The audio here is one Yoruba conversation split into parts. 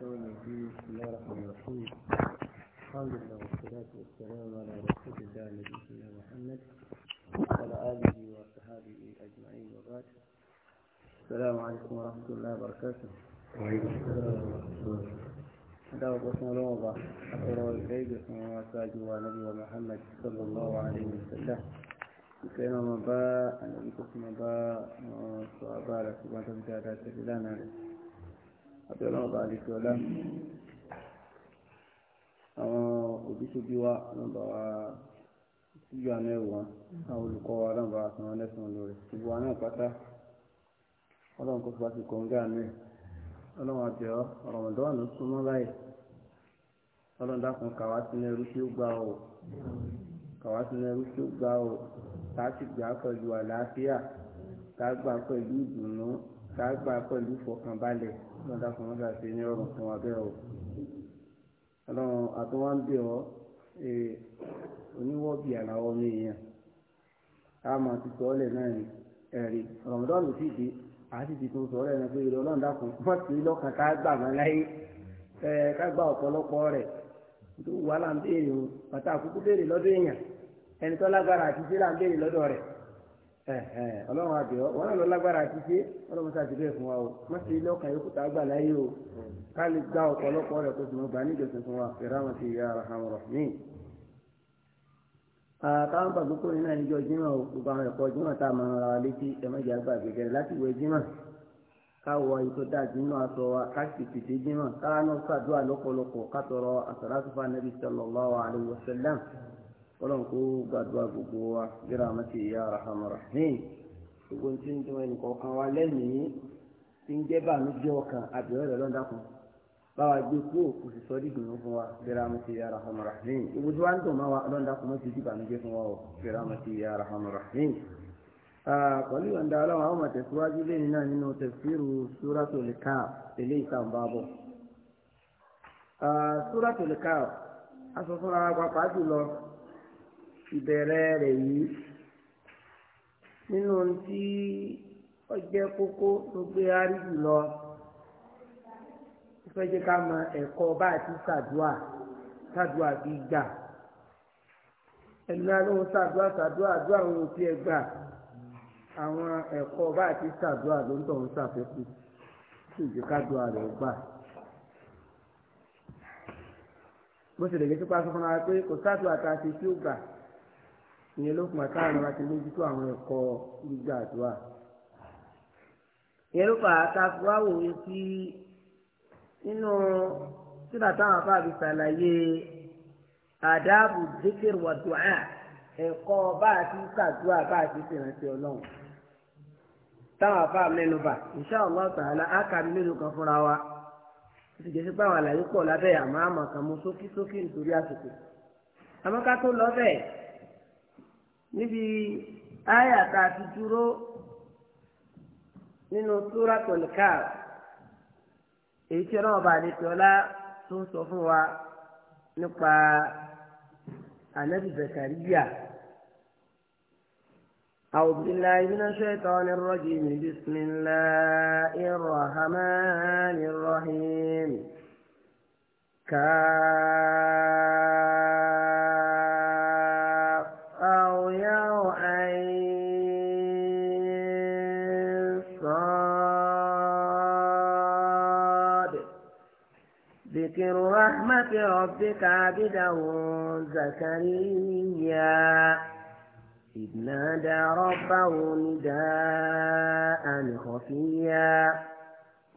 بسم الله الرحمن الرحيم الحمد لله والصلاة والسلام على رسول الله نبينا محمد وعلى آله وصحبه أجمعين وبعد السلام عليكم ورحمة الله وبركاته وعليكم السلام ورحمة الله هذا وقفنا لوضع أقرأ الله وما ساجوا ونبي محمد صلى الله عليه وسلم كان مباء أن كما باء وصعبا لكم وتبدأ ذات الإلانة àti ọlọ́run bá lè fi ọlá àwọn òbíṣubí wa nọ́mbà wa síjú àná ẹ̀wọ̀n àwọn olùkọ́ wa nọ́mbà wa sanwó lẹ́sàn-án lórí gbogbo wa náà pátá ọlọ́run kò fi wá sí kọ̀ǹgà mi ọlọ́run àti ọ ọ̀rọ̀mọ̀dọ́ wà ló súnmọ́ báyìí ọlọ́run dákun kàwá sínú ẹrú tí ó gbà ọ́ kàwá sínú ẹrú tí ó gbà ọ́ tá a sì gbà pẹ̀lú àlàáfíà tá a gbà pẹ̀lú ìdùnnú tá pẹ̀lú ìfọkànbalẹ̀. wọn dákun wọn ní ọrùn fún wa ọlọ́run àtúwọ́n ń bì ọ́ oníwọ́bì àlàwọ̀ mi yẹn a máa ti sọ ọ́lẹ̀ náà ní ẹ̀rí sì dé àti ti tún sọ ọ́lẹ̀ náà pé ìrọ̀ ọlọ́run dákun wọ́n ti lọ́kàn ká gbà láyé ká gbà ọ̀pọ̀lọpọ̀ rẹ̀ tó wà o bàtà àkókò béèrè lọ́dọ̀ èèyàn lọ́dọ̀ rẹ̀ ọlọ́run àbẹ̀wọ́ wọn náà lọ lágbára àti ṣe ọlọ́run sáà ti bẹ́ẹ̀ fún wa o wọ́n ti lọ́kàn yókù tá a gbà láyé o ká lè gba ọ̀pọ̀lọpọ̀ rẹ̀ kó sì mọ̀ gbà níjọsìn fún wa fẹ̀rẹ̀ àwọn ti yà ara hàn rọ̀ ní. àtàwọn bàbá kò ní náà níjọ jimá o gbogbo àwọn ẹ̀kọ́ jimá tá a máa ra wa létí ẹ̀mẹ́jà gbà gẹ́gẹ́ láti wẹ̀ jimá káwọ ètò dájú inú aṣọ wa ká sì fìdí jimá káwọn náà ṣàdúrà lọ́pọ̀lọpọ̀ ọlọ́run kó gbàdúrà gbogbo wa gbéra mọ́tì ìyá arahamara hìn gbogbo tí ń dún ẹnì kọ̀ọ̀kan wa lẹ́yìn tí ń jẹ́ bàánújẹ́ ọkàn àbẹ̀wẹ̀ rẹ̀ lọ́dàkùn báwa gbé kó kò sì sọ dídùnú fún wa gbéra mọ́tì ìyá arahamara hìn gbogbo tí wàá ń dùn máa wa lọ́dàkùn mọ́tì ìdí bàánújẹ́ fún wa o gbéra mọ́tì ìyá arahamara hìn. pẹ̀lú ìwọ̀nda ọlọ́run àwọn tẹ̀síwájú suratul Kahf eléyìí tá à suratul Kahf aṣọ fúnra wa ìbẹ̀rẹ̀ rẹ̀ yìí nínú tí ọjẹ́ kókó ló gbé árí jùlọ fẹ́ jẹ́ ká mọ ẹ̀kọ́ bá àti sàdúà sàdúà bí gbà ẹnu alóhùn sàdúà sàdúà àdúà àwọn òbí ẹ gbà àwọn ẹ̀kọ́ bá àti sàdúà ló ń tọ̀hún sàfẹ́kù sì jẹ́ ká dùn àrẹ̀ gbà. bó ṣe lè gbé sípa fún wa pé kò sàdúà tá a ṣe tí ó gbà ìyẹn ló fún àtàwọn àti mójútó àwọn ẹ̀kọ́ gbígbà àdúrà ìyẹn ló fà á ta fi wá wò ó sí nínú síra táwọn afáàbí ṣàlàyé àdáàbò dékèrè wà dùn án ẹ̀kọ́ bá a ti ṣàdúrà bá a ti ṣèrántí ọlọ́run táwọn afá mẹ́nu bà insha Allah ta'ala á kà mí mélòó kan fúnra wa ó ti jẹ́ sí báwọn àlàyé pọ̀ lábẹ́ àmọ́ àmọ́ kan mú sókí sókí nítorí àsìkò àmọ́ ká tó lọ bẹ́ẹ̀ níbi àyà tá a ti dúró nínú Suratul Kahf èyí tí ọlọ́run bá lè tọ́lá tó ń sọ fún wa nípa ànábì Zakariya. أعوذ بالله من الشيطان الرجيم بسم الله الرحمن الرحيم كان برحمة ربك عبده زكريا إذ نادى ربه نداء خفيا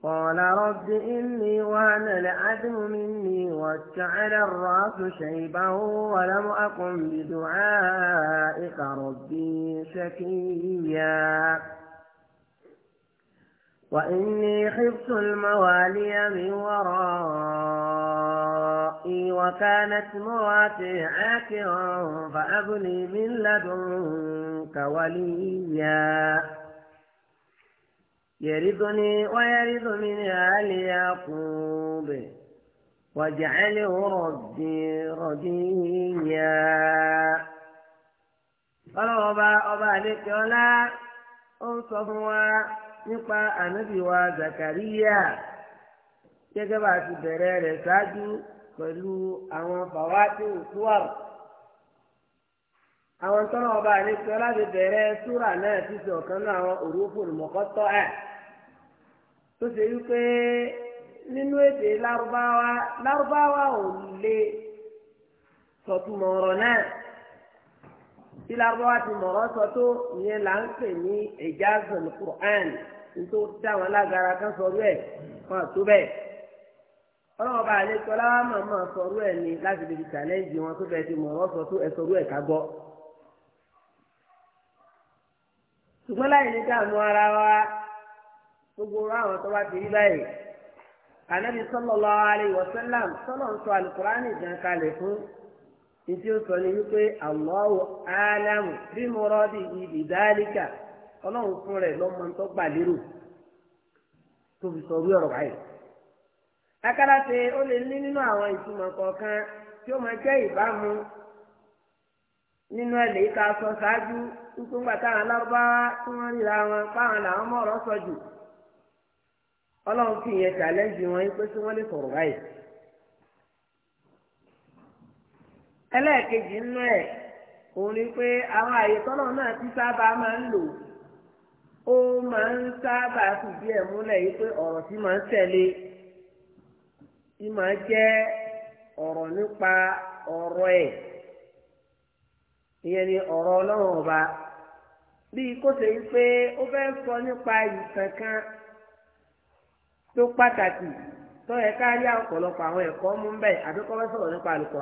قال رب إني وهن العزم مني واشتعل الرأس شيبا ولم أقم بدعائك ربي شكيا وإني خفت الموالي من ورائي وكانت مراتي عاكرا فأبني من لدنك وليا يردني ويرد من آل يعقوب واجعله ربي رضيا قالوا أبا أبا لك ولا أنصفوا nípa ànábì wa zakariya gẹ́gẹ́ bá a ti bẹ̀rẹ̀ rẹ̀ ṣáájú pẹ̀lú àwọn bàwátì òṣùwàrù àwọn tọ́nà ọba àlejò láti bẹ̀rẹ̀ súrà náà ti sọ ọ̀kan náà àwọn òrùfòrò mọ̀kọ́tọ́ ẹ̀ tó ṣe wípé nínú èdè lárúbáwá lárúbáwá ò lè sọ̀túnmọ̀ ọ̀rọ̀ náà tí lárúbáwá ti mọ̀rọ́ sọ tó ìyẹn là ń pè ní ìjáàzùn Qur'an nítorí ó dá wọn lágara kan sọrú ẹ̀ fún àtúbẹ̀. ọlọ́wọ́n bá àlejò ọlọ́wọ́ màmá sọrú ẹ̀ ni láti lè fi challenge wọn tó bẹ̀ẹ́ ti mọ̀rọ́ sọ tó ẹ̀ sọrú ẹ̀ ká gbọ́. ṣùgbọ́n láì ní dààmú ara wa gbogbo àwọn tó bá ti rí báyìí Ànábì sallallahu alaihi wasallam sọlọ ń sọ Al-Qur'ani gan nítí ó sọ ni wípé Allahu alam bí mo rọ́ọ̀dì ibi dáríkà ọlọ́run fún rẹ̀ lọ́mọ tó gbà lérò tó fi sọ orí ọ̀rọ̀ báyìí. akáràṣe ó lè ní nínú àwọn ìtumọ̀ kọ̀ọ̀kan tí ó máa jẹ́ ìbámu nínú ẹ̀lẹ́ ìka sọ ṣáájú nítorí nígbà alábáwá tí wọ́n ríra wọn páwọn làwọn sọ jù ọlọ́run fi ìyẹn wọn pé tí wọ́n lè sọ̀rọ̀ báyìí. ẹlẹ́ẹ̀kejì nínú ẹ̀ òun ni pé àwọn àyè tọ́lọ̀ náà ti sábà máa ń lò ó máa ń sábà fìdí ẹ̀ múlẹ̀ yìí pé ọ̀rọ̀ tí máa ń tẹ̀lé tí máa jẹ́ ọ̀rọ̀ nípa ọ̀rọ̀ ẹ̀ ìyẹn ni ọ̀rọ̀ ọlọ́run ọba bíi kó ṣe pé ó fẹ́ sọ nípa kan tó pàtàkì tó yẹ ká rí ọ̀pọ̀lọpọ̀ àwọn ẹ̀kọ́ mú bẹ́ẹ̀ sọ̀rọ̀ nípa àlùkò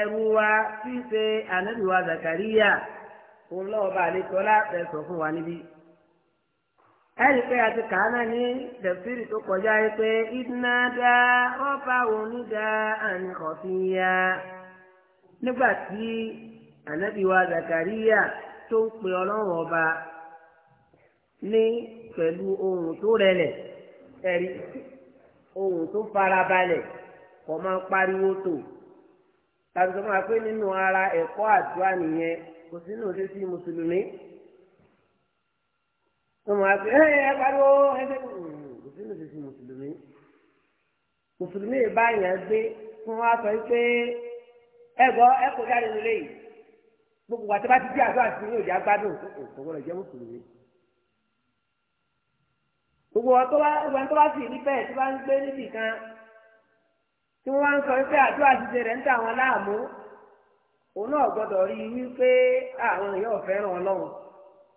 ẹrù wa ṣíṣe ànábì wa Zakariya òun lọ́wọ́ bá àlejò ọlá ẹ̀sọ̀ fún wa níbí. ẹ̀rí pé àti kàánà ní dẹ̀fírì tó kọjá yìí pé ìdúná dá rọ́bà òní dá àní ọ̀fin ya nígbà tí ànábì wa Zakariya tó ń pe ọlọ́run ọba ní pẹ̀lú ohun tó rẹlẹ̀ ẹ̀rí ohun tó farabalẹ̀ kò máa pariwo tó tàbí sọ ma pé nínú ara ẹ̀kọ́ àdúrà nìyẹn kò sínú ṣe sí mùsùlùmí sọ ma pé ẹ ẹ pariwo ẹ ṣe hmm, kò sínú ṣe sí mùsùlùmí mùsùlùmí ìbáyà gbé fún wa sọ pé ẹ gbọ́ ẹ kò jáde nílé yìí gbogbo àti bá ti di àdúrà sí ní òjì agbádùn òkòwò rẹ̀ jẹ́ mùsùlùmí gbogbo ọtọ́ wa ìwà tó bá sì ní bẹ́ẹ̀ tó bá ń gbé níbì kan. tí wọ́n ń sọ pé àdúrà jíjẹ rẹ̀ ń tà wọ́n láàmú òun náà gbọ́dọ̀ rí i wípé àwọn yóò fẹ́ràn ọlọ́run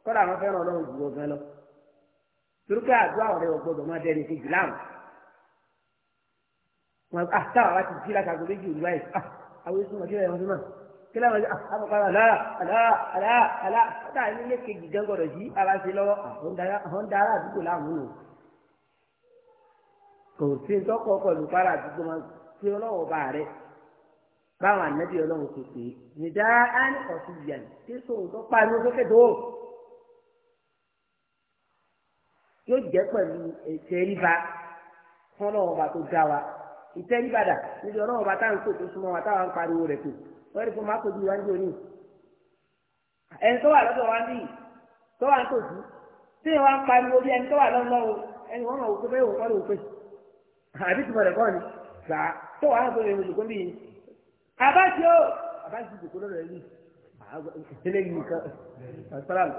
kọ́dà àwọn fẹ́ràn ọlọ́run jù ọ̀gán torí pé àdúrà ò máa dẹni kejì láàmú wọn àti jí méjì àwọn èso wọn kí lóye wọn fi mọ kí lóye wọn fi àlá àlá àlá àlá kejì jí àwọn àdúgbò láàmú kò sí ní tí ọlọ́wọ́ bá rẹ báwọn ànábì ọlọ́run kò pé nìdá ánì ọ̀sùn yàn tí sóhun tó pa sókè tó yóò jẹ́ pẹ̀lú ìtẹríba fún ọlọ́wọ́ bá tó dá wa níbi ọlọ́wọ́ bá táwọn tó súnmọ́ wa ní òní ẹni tó tó wàá fún mi ìjòkó bíi àbáṣe ó àbáṣe ìjòkó lọ́rọ̀ yìí eléyìí kan asalaam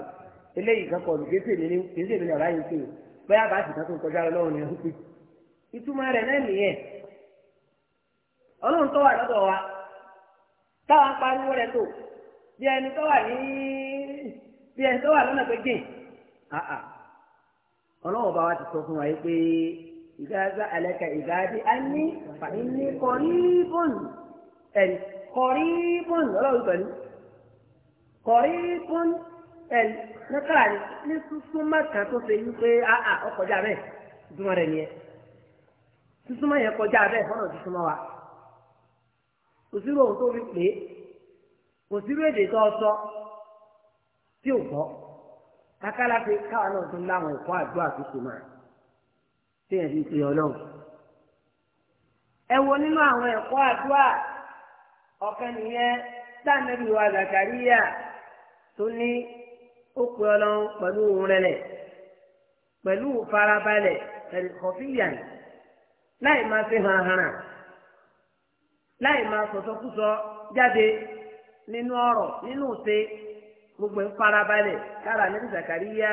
eléyìí kan kọlu kéésì mi ní kéésì mi ní ọ̀rá yìí kéwò bẹ́ẹ̀ àbáṣe kan tó ń kọjá lọ́wọ́ ni ó pè ìtumọ̀ rẹ̀ náà nìyẹn ọlọ́run tó wà lọ́dọ̀ wa táwọn pariwo rẹ̀ tó bí ẹni tó wà ní bí ẹni tó wà lọ́nà pé jìn ọlọ́run bá wa ti sọ fún wa yìí pé. إذا سألك عبادي أني فإني قريب أي قريب ولا يقول قريب أي نقرأ لسوسما كاتو سيوكي آآ آآ أو قجابه دوما رنيه sísúnmọ́ yẹn kọjá abẹ́ ìfọ́nà sísúnmọ́ wa òsírò ohun tó rí pé òsírò èdè tó sọ tí ò gbọ́ kákálá pé káwọn náà tún láwọn ẹ̀kọ́ àdúrà tó ṣe máa téèyàn fi pè ọlọ́run. ẹ wo nínú àwọn ẹ̀kọ́ àdúrà ọ̀kan nìyẹn sáàmẹ́bí wa Zakariya tó ní ó pè ọlọ́run pẹ̀lú òun rẹlẹ̀ pẹ̀lú farabalẹ̀ pẹ̀lú kọfíyà láì máa fi hàn hàn láì máa sọ̀tọ̀kùsọ jáde nínú ọ̀rọ̀ nínú òṣè gbogbo ń farabalẹ̀ kára nẹ́bí Zakariya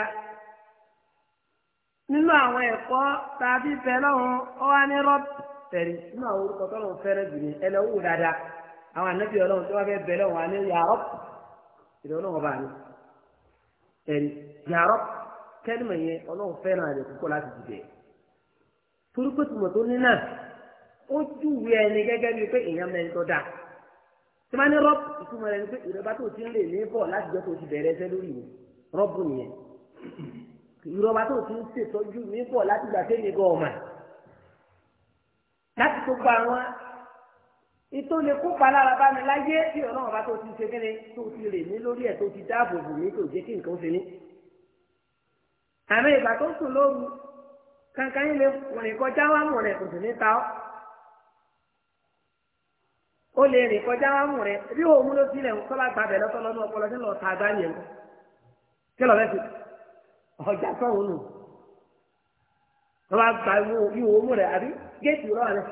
nínú àwọn ẹ̀kọ́ tàbí bẹ̀lọ́hún ọwá ní rọ́bì tẹ̀rí nínú àwọn orúkọ tọ́lọ̀ fẹ́rẹ́ jù ní ẹlẹ́wù dáadáa àwọn ànábì ọlọ́run tí wọ́n fẹ́ bẹ̀lọ́hún àní yàrọ́p ìdè ọlọ́run bá ní tẹ̀rí yàrọ́p kẹ́lìmọ̀ yẹn ọlọ́run fẹ́ràn rẹ̀ púpọ̀ láti dìbẹ̀ torí pé tùmọ̀ tó ní náà ó júwe ẹni gẹ́gẹ́ bíi pé èèyàn mẹ́rin tó dáa tí wọ́n ní rọ́p ìtumọ̀ rẹ̀ ni pé ìrọ̀bá tó ti ń lè ní bọ̀ láti jọ́ tó ti bẹ̀rẹ̀ ẹsẹ̀ lórí yẹn rọ́pù nìyẹn ìrọba tó ti ń ṣètọ́jú mi bọ̀ láti gbà sẹ́ni gan ọ̀mà láti tó gba àwọn ètò lè kópa lára bá mi láyé bí ọlọ́run bá tó ti ṣe kẹ́ni tó ti rè mí lórí ẹ̀ tó ti dáàbò bò mí tó jẹ́ kí nǹkan ṣe mí. àmì ìgbà tó sùn lóru kankan yín lè rìn kọjá wá mọ̀ rẹ̀ kò sì ní ta ọ́. ó lè rìn kọjá wá mọ̀ rẹ̀ bí òun ló sílẹ̀ sọ́lá gbàbẹ̀ lọ́tọ́ lọ́nà ọpọlọ ọjà sọ̀rọ̀ nù wọ́n bá gba ìwò owó rẹ̀ àbí géètì rọ̀ rẹ̀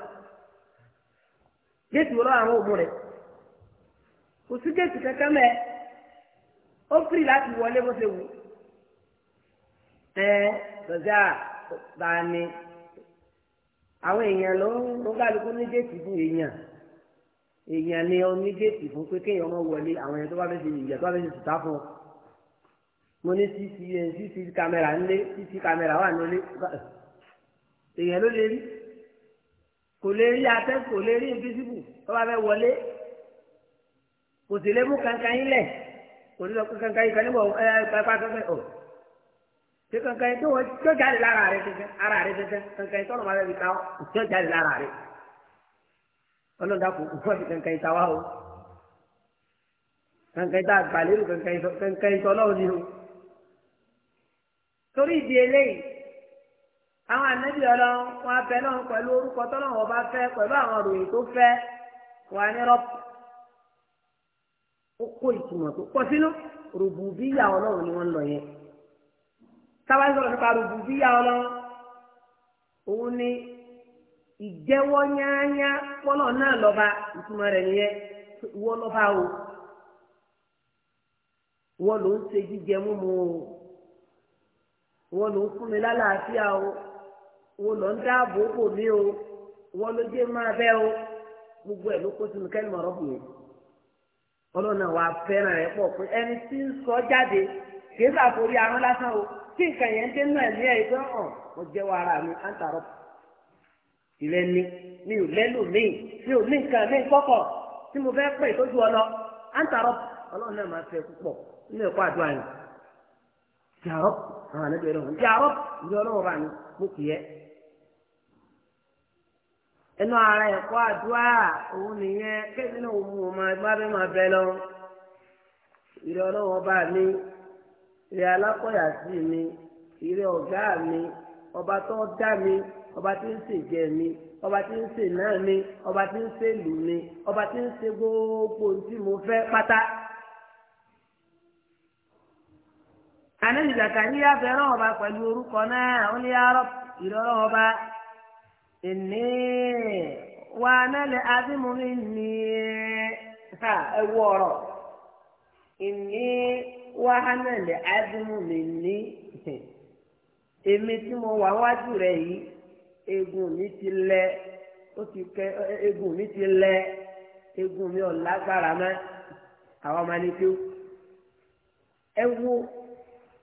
géètì rọ̀ àwọn òmù rẹ̀ kò sí géètì kankan mẹ́ ó fìrì láti wọlé bó ṣe wù ẹ lọ́jà bá a ní àwọn èèyàn ló ń kálukú ní géètì fún èèyàn èèyàn ni ó ní géètì fún pé kéèyàn ọmọ wọlé àwọn èèyàn tó bá fẹ́ ṣe ìyà tó bá fẹ́ ṣe sùtá fún ọ mo ní ccn cc eh, kámẹ́rà ńlé cc kámẹ́rà wà nílé èèyàn ló lè rí kò lè rí atẹ́ kò lè rí invisible tó bá fẹ́ wọlé kò sì lè mú kankan yín lẹ̀ kò ní lọ kó kankan yín kan níbọ̀ ẹ eh, pápá kankan ọ̀ oh. ṣé kankan yín tó wọ́n tó jáde lára rẹ̀ kankan ara rẹ̀ kankan kankan yín tọ́lọ̀ máa fẹ́ fi ta ọ́ tó jáde lára rẹ̀ ọlọ́dà kò kò fọ́ọ̀sì kankan yín ta wá o kankan yín tá àgbà lérò kankan yín tọ́lọ́ òní o torí ìdí eléyìí àwọn ànábì ọlọ́run wọn abẹ náà pẹ̀lú orúkọ tọ́lọ́run ọba fẹ́ pẹ̀lú àwọn òròyìn tó fẹ́ wà ní rọ́pù ó kó ìtumọ̀ tó pọ̀ sínú rùbùbíyà ọlọ́run ni wọ́n ń lọ yẹn sábà sọ̀rọ̀ nípa rùbùbíyà ọlọ́run òun ni ìjẹ́wọ́ yáyá pọ́lọ̀ náà lọ́ba ìtumọ̀ rẹ̀ nìyẹn wọ́n lọ́ba o wọ́n ló ń ṣe jíjẹ múmu o wọn ló ń fún mi lálàáfíà o wọn ló ń dáàbò bò mí o wọn ló jẹ́ máa bẹ́ o gbogbo ẹ̀ ló kó sínú kẹ́lí mọ̀rọ́ bù mí ọlọ́run náà wàá fẹ́ràn rẹ̀ pọ̀ pé ẹni tí ń sọ jáde kì í sàforí ahọ́n lásán o tí nǹkan yẹn dé nínú ẹ̀mí ẹ̀ pé hàn mo jẹ́ wa ara mi á ń tààrọ̀ ìrẹ́ ni mi ò lẹ́lò míì mi ò ní nǹkan mi kọ́kọ̀ tí mo fẹ́ pè tójú ọ lọ á ń tààrọ̀ ọlọ́run náà máa fẹ́ púpọ̀ nínú ẹ̀kọ́ àdúrà yìí. يا رب آه ندعو لهم يا رب ندعو لهم رعني بقية inú ara ẹ̀kọ́ àdúrà òun nìyẹn kéde náà mú un máa bá bí máa bẹ lọ. ìrẹ́ ọlọ́wọ́ bá mi ìrẹ́ alákọ̀yà sí mi ìrẹ́ ọ̀gá mi ọba tó dá mi ọba tí ń ṣèjẹ mi ọba tí ń ṣe mi ọba tí ń ṣe mi ọba tí ń ṣe gbogbo mo fẹ́ pátá. ànábì zakariya fẹ́ràn ọba pẹ̀lú orúkọ náà ó ní arọ́ ìrọ̀rọ̀ ọba ìní wa nálẹ̀ adímúmi ní ẹ ọ̀rọ̀ ìní wa nálẹ̀ adímúmi ní èmi tí mo wà wájú rẹ̀ yìí egun mi ti lẹ ó ti kẹ egun mi ti lẹ egun mi ò lágbára mọ́ àwọn ọmọ ẹni tó ẹ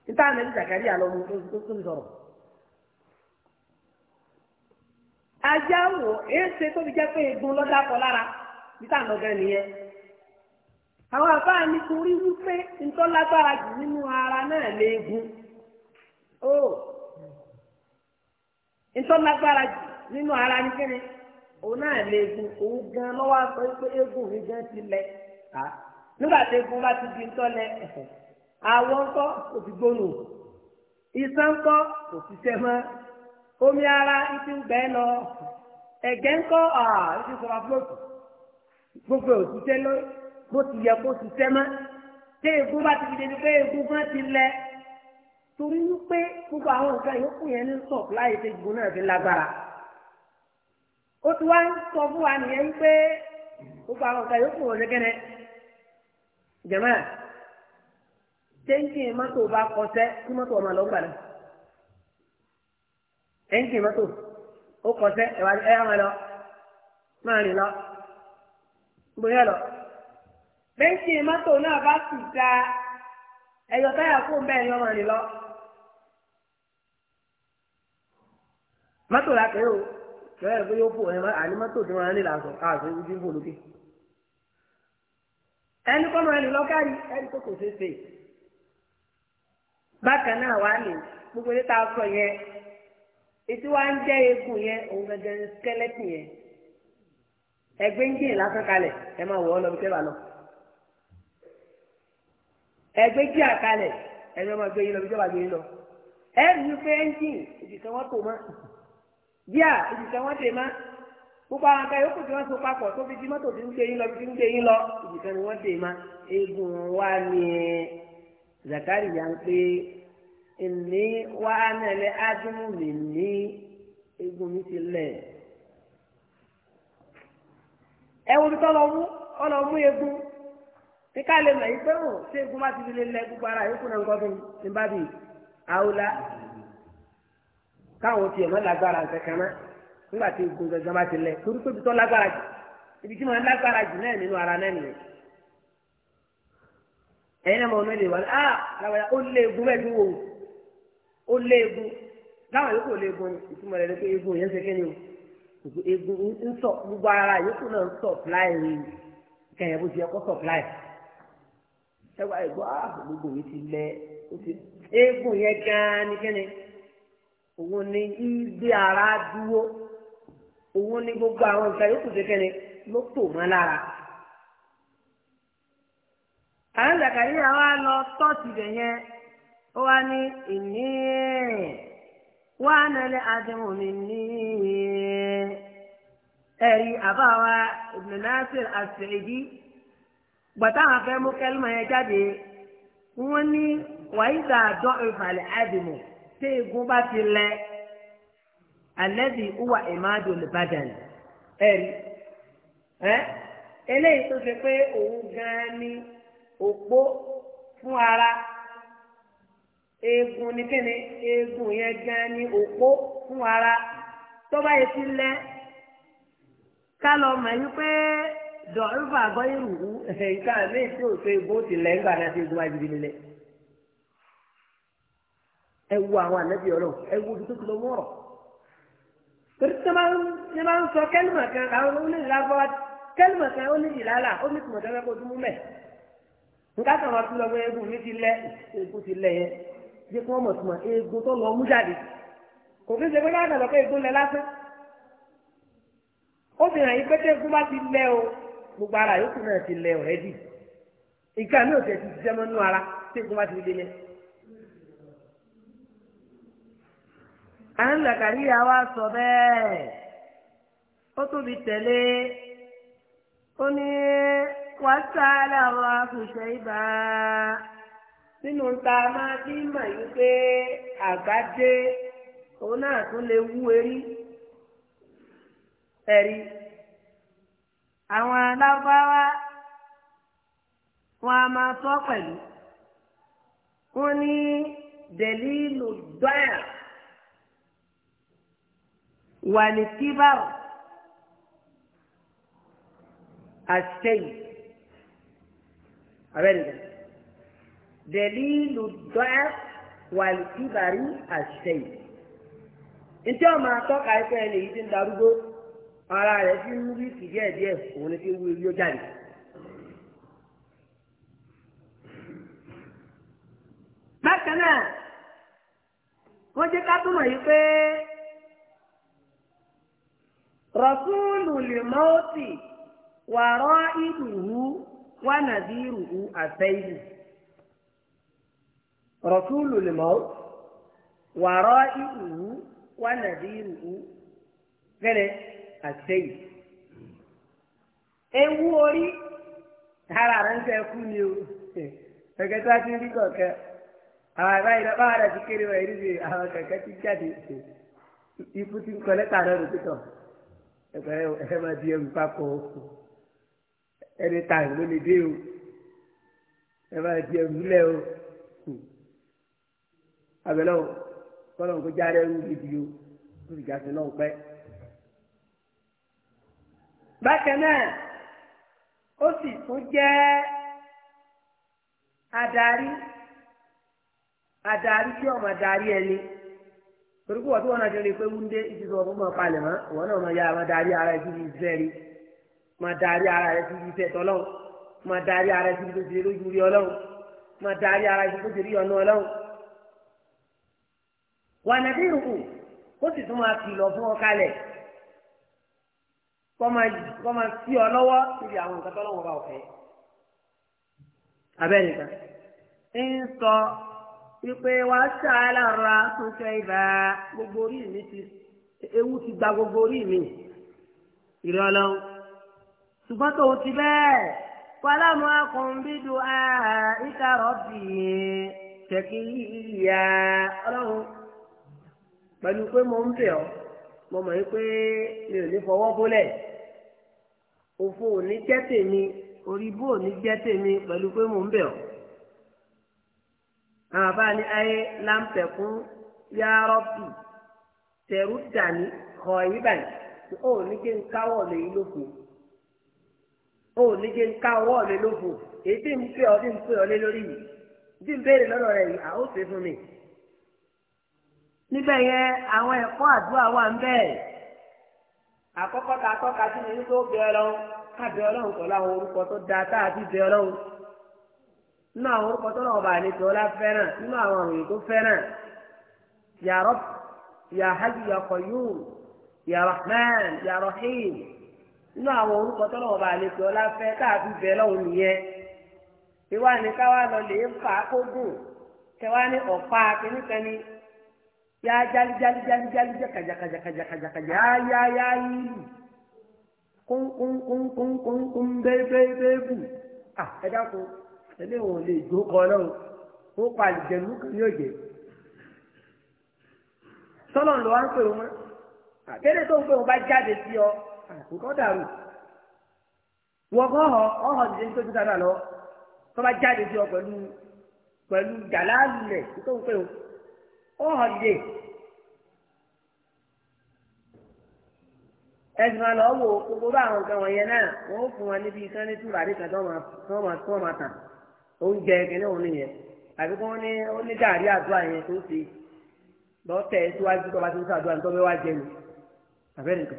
níta ànábì zakari àlọ́mú o tó ń sọ̀rọ̀. ajá wo èéṣe tó fi jẹ́ pé egun lọ́dà kọ lára níta ànọ́gẹ́ nìyẹn. àwọn àbá mi torí wípé ntọ́lágbára jù nínú ara náà lé egun. ó ntọ́lágbára jù nínú ara ní kíni òun náà lé egun òun gan lọ́wọ́ sọ pé egun mi gan ti lẹ̀ nígbà tí egun bá ti di ntọ́lẹ̀ ẹ̀fẹ̀ àwọ̀ ńkọ́ kò ti gbónú iṣan ńkọ́ kò ti ṣe mọ́ omi ara ti ń bẹ́ẹ̀ lọ ẹ̀gẹ́ ńkọ́ ti sọ̀rọ̀ afúlọ́tù gbogbo òṣìṣẹ́ ló bó ti yẹ kó ṣiṣẹ́ mọ́ tí egun bá ti fi débi pé egun kan ti lẹ torí wípé gbogbo àwọn nǹkan yòókù yẹn ní sọ̀pláì tí egun náà fi lágbára ó ti wá ń sọ fún wa nìyẹn wípé gbogbo àwọn nǹkan yòókù wọ̀ ṣẹ́gẹ́rẹ́ jẹ̀mọ́ tẹ́ńkì mọ́tò bá kọsẹ́ kí mọ́tò ọmọ lọ́gbà náà tẹ́ńkì mọ́tò ó kọsẹ́ ẹ̀wà ẹ̀ yá máa lọ máa rìn lọ gbóyè lọ. bẹ́ńkì mọ́tò náà bá sì ta ẹ̀yọ táyà bẹ́ẹ̀ ni rìn lọ. mọ́tò la kẹ́ o kẹ́ ẹ̀ bóyá ó fò ẹ̀ àní mọ́tò tí wọ́n á nílò àṣọ àṣọ ojú ń lókè. ẹni kọ́ máa rìn lọ káàdì ẹni kò ṣe. bákan náà wà ní gbogbo ilé tá a sọ yẹn etí wa ń jẹ́ eegun yẹn òun gangan ní skeleton yẹn ẹgbẹ́ ń jìn lásán kalẹ̀ ẹ máa wọ̀ ọ́ lọ bí kẹ́ bá lọ ẹgbẹ́ jí àkalẹ̀ ẹ máa gbé yín lọ bí kẹ́ bá gbé yín lọ ẹ ní fẹ́ ń jìn ibi kan tó mọ́ bíà ibi kan wọ́n tè gbogbo àwọn akẹ́yọ̀ kò tí wọ́n so papọ̀ tó fi di mọ́tò tí ń gbé yín lọ bí tí ń gbé yín lọ ibi kan ni wọ́n tè wa ni ẹ. Zakariya ń pé ìní wá nílẹ̀ ádùnnú mi ní egun mi ti lẹ̀. ẹ wo tó lọ mú ọlọ mú egun kíkà lè mọ̀ ìpé hàn tí egun bá ti lè lẹ gbogbo ara yòókù náà ń fún mi bá bì áwòlá káwọn tiẹ̀ mọ́ lágbára kankan náà nígbà tí egun gangan bá ti lẹ̀ torí pé ibi tó lágbára jù ibi tí mo lágbára jù náà nínú ara náà nìyẹn. ẹ̀yin náà ma ọ wà ní ah làwọn ya ó lé egun wò ó lé egun láwọn yòókù lé ìtumọ̀ rẹ̀ ni yẹn ṣe o egun ń sọ gbogbo ara yòókù náà ń supply kẹ̀yẹ́ bó ti yẹ kó supply ẹwà ẹ̀gbọ́n ah gbogbo mi ti lẹ yẹn gan-an ni òun ni ara dúró òun ni gbogbo àwọn nǹkan yòókù ṣe àwọn Zakariya wa lọ tọ́ọ̀tì rẹ̀ yẹn ó wá ní ìní wá nílẹ̀ adéhùn ní ẹ̀rí àbáwa Ibn Nasir As-Sa'idi gbàtàwọn afẹ́ mú kẹ́lìmọ̀ yẹn jáde wọ́n ní ìfàlẹ̀ tí egun bá ti lẹ alẹ́bí uwa ìmáàdùn nìbàdàn ẹ̀rí ẹ́ eléyìí tó ṣe pé òun gan-an òpó fún ara eegun ní kíni eegun yẹn gan ni òpó fún ara tó bá yẹ ti lẹ ká lọ mọ̀ wípé dọ̀rúfà àgọ́yé rùú ìka mi tí ò so egbò ti lẹ̀ ńgbà náà ti egun wájú bí nílẹ̀. ẹ wo àwọn ànábì ọlọ́run ẹ wo ibi tó ti lọ mú ọ̀rọ̀. torí tí wọ́n máa ń sọ kẹ́lìmọ̀ kan àwọn onídìí lágbọ́ kẹ́lìmọ̀ kan onídìí lálà ó ní tìmọ̀tẹ́fẹ́ kó mẹ́ẹ̀. nǹkan tó máa tún lọ mi ti lẹ eégún ti lẹ bí ma tó lọ mú jáde kò fi ṣe pé káwọn lọ pé eégún lẹ lásán ó fi hàn yín pé ti lẹ o gbogbo ara a náà ti lẹ mi ò tẹ̀ ti jẹ́ mọ́ nínú ara tí bá ti lé lẹ. à ń sọ bẹ́ẹ̀ ó tóbi tẹ̀lé ó wàsálà wa kùsẹ̀ ibà nínú ta máa bí mọ̀ yí pé àgbádé òun náà tún lè wú erí ẹ̀rí àwọn alábáwá wọn a máa sọ pẹ̀lú wọn ní dẹ̀lílù dọ́yà wà ní tíbáwò àṣẹyìí abẹ́nìkan dẹ̀lílù dọ́ẹ́ wàlùkíbàrí àṣẹyìn ntí ọmọ atọ́ka ẹ̀kọ́ ẹ̀ lèyí ti ń darúgbó ara rẹ̀ ti ń rí kì díẹ̀ díẹ̀ òun ni ti ń wú ewé jáde. bákan náà wọ́n jẹ́ ká túmọ̀ yìí pé rọ̀túnlù lè mọ́ọ́tì wàrọ̀ ìdùnnú. wa nadhiruhu asaibu rasulul maut wa ra'iuhu ewu orí ara rẹ̀ a ti rí wa ìrírí àwọn kẹ̀kẹ́ ti jáde ikú ti ń kọ́ lẹ́tà náà lókítọ̀ ẹ̀kọ́ ẹ̀ máa ẹni ta ìwé lè dé o ẹ bá ti ẹrù o abẹ́lẹ́ o kọ́lọ̀ nǹkó já rẹ̀ ń gidi o kó sì jáde náà pẹ́. bákan náà ó sì tún jẹ́ adarí adarí tí ọmọ adarí ẹni torí kó wọ́n tó wọn náà ti rí pé wúndé ìdíje ọmọ palẹ̀ mọ́ náà yára darí ara ẹ̀ sí ibi máa darí ara rẹ síbi iṣẹ́ tọ́lọ́hún máa darí ara rẹ síbi tó ti lójú rí ọlọ́hún máa darí ara rẹ síbi tó ti rí ọ̀nà ọlọ́hún. wà nàdí ìrùkù ó sì tún máa kìlọ̀ fún ọ kalẹ̀ kọ́ máa sí ọ lọ́wọ́ níbi àwọn nǹkan tọ́lọ́hún ọba ọ̀fẹ́. abẹ́ nìkan ń sọ wípé wà á ṣàlà ra tuntun ìbá gbogbo orí mi ti ewu ti gba gbogbo orí mi ìrọ̀lọ́hún ṣùgbọ́n tòun ti bẹ́ẹ̀ wàlámù akọ̀ǹbídùn àìkàrọ̀ bì í tẹ̀kí ìyá ọlọ́run pẹ̀lú pé mo ń bẹ̀ ọ́ mo mọ̀ yín pé mi ò ní fọwọ́ bólẹ̀ òfò ò ní jẹ́ tèmi orí bó ò ní jẹ́ tèmi pẹ̀lú pé mo ń bẹ̀ ọ́ àwọn àbá ni ayé láǹpẹ̀kún yárọ́pì tẹ̀rù dàní kọ̀ yí báyìí ó ní kí n káwọ̀ lè yí lóko. o ò ní jẹ́ ká ọwọ́ mi lófo èyí tí ń pè ọ́ tí ń pè ọ́ lé lórí yìí tí ń béèrè lọ́dọ̀ rẹ̀ yìí àwọn òfin fún mi. níbẹ̀ yẹn àwọn ẹ̀kọ́ àdúrà wà ń bẹ́ẹ̀. àkọ́kọ́ ta tọ́ka sí ni tó bẹ ọlọ́run ká bẹ ọlọ́run pẹ̀lú àwọn orúkọ tó tá a ti bẹ ọlọ́run. nínú àwọn orúkọ tó fẹ́ràn nínú àwọn òyìn tó fẹ́ràn. nínú àwọn orúkọ tọ́lọ̀ ọba àlejò ọlá fẹ́ káàbí bẹ́ẹ̀ lọ́wọ́ nìyẹn ìwà ni káwá lọ lè fà á kó gùn kẹwà ní ọ̀pá kìnnìkanni yá jálí jálí jálí jálí jẹ́ kàjàkàjàkàjàkàjàkàjà yá yá yílù kúnkúnkúnkúnkún bẹ́ẹ̀bẹ́ẹ̀bù à ẹ dákun eléwọ̀n lè jó kọ lọ́wọ́ ó pa àlìjẹ̀lú kan yóò jẹ́ sọ́lọ́n ló wá ń pè wọ́n àtẹ́lẹ́ tó ń pè wọ́n bá jáde sí ọ. nǹkan dàrú wọ́n kọ́ họ ọ̀họ̀ ti dẹ́ni tó ti sábà lọ tó bá jáde sí ọ pẹ̀lú pẹ̀lú jàláàlú rẹ̀ tó ń pè ó ọ̀họ̀ ẹ̀sìn máa lọ gbogbo àwọn nǹkan wọ̀nyẹn náà wọ́n ó fún wọn níbi ní túbà tó tó máa tàn oúnjẹ òun nìyẹn àbí kí wọ́n ní ó ní àdúrà yẹn tó ṣe ti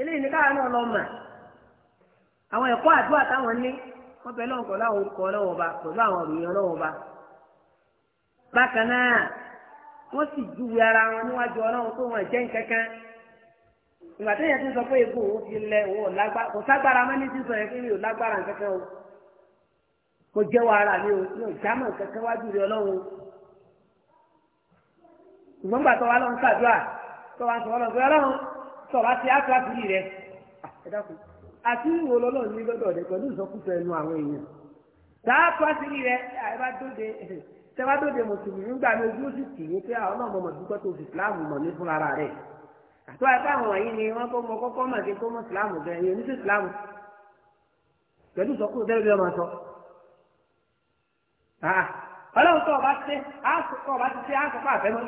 eléyìí ní káyọ̀ náà lọ mà àwọn ẹ̀kọ́ àdúrà táwọn ní wọ́n bẹ lọ́nkọ̀ láwọn orúkọ ọlọ́wọ́ ba pẹ̀lú àwọn òròyìn ba bákan náà wọ́n sì júwe ara wọn níwájú ọlọ́run tó wọn jẹ́ nǹkankan ìgbà tó yẹn ti sọ pé egbò òun fi lẹ òun kò ságbára ní sísọ yẹn fún mi ò lágbára o kò mi wájú sọ̀rọ̀ àti àkàtúrì rẹ̀ àti ìwò lọ́lọ́ ní lọ́dọ̀ rẹ̀ pẹ̀lú ìsọkúsọ ẹnu àwọn èèyàn tá a kàtúrì rẹ̀ àìbádóde tẹ́wádóde mùsùlùmí gbà ní ojú sì kì í pé àwọn náà mọ̀mọ́ dúpẹ́ tó fi ìsìláàmù mọ̀ ní fúnra rẹ̀ àti wáyé pé àwọn wọ̀nyí ni wọ́n kọ́ mọ kọ́kọ́ mọ̀ kí kó mọ̀ ìsìláàmù bẹ́ẹ̀ yẹn oníṣẹ́ ìsìláàmù pẹ̀lú ìsọkúsọ tẹ́lẹ̀ bí wọ́n sọ ah, ọlọ́run tó ọba ṣe àásùkọ ọba ti ṣe àásùkọ àfẹ́mọ́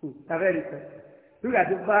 hmm, tàbẹ́rì kan lórí àti bá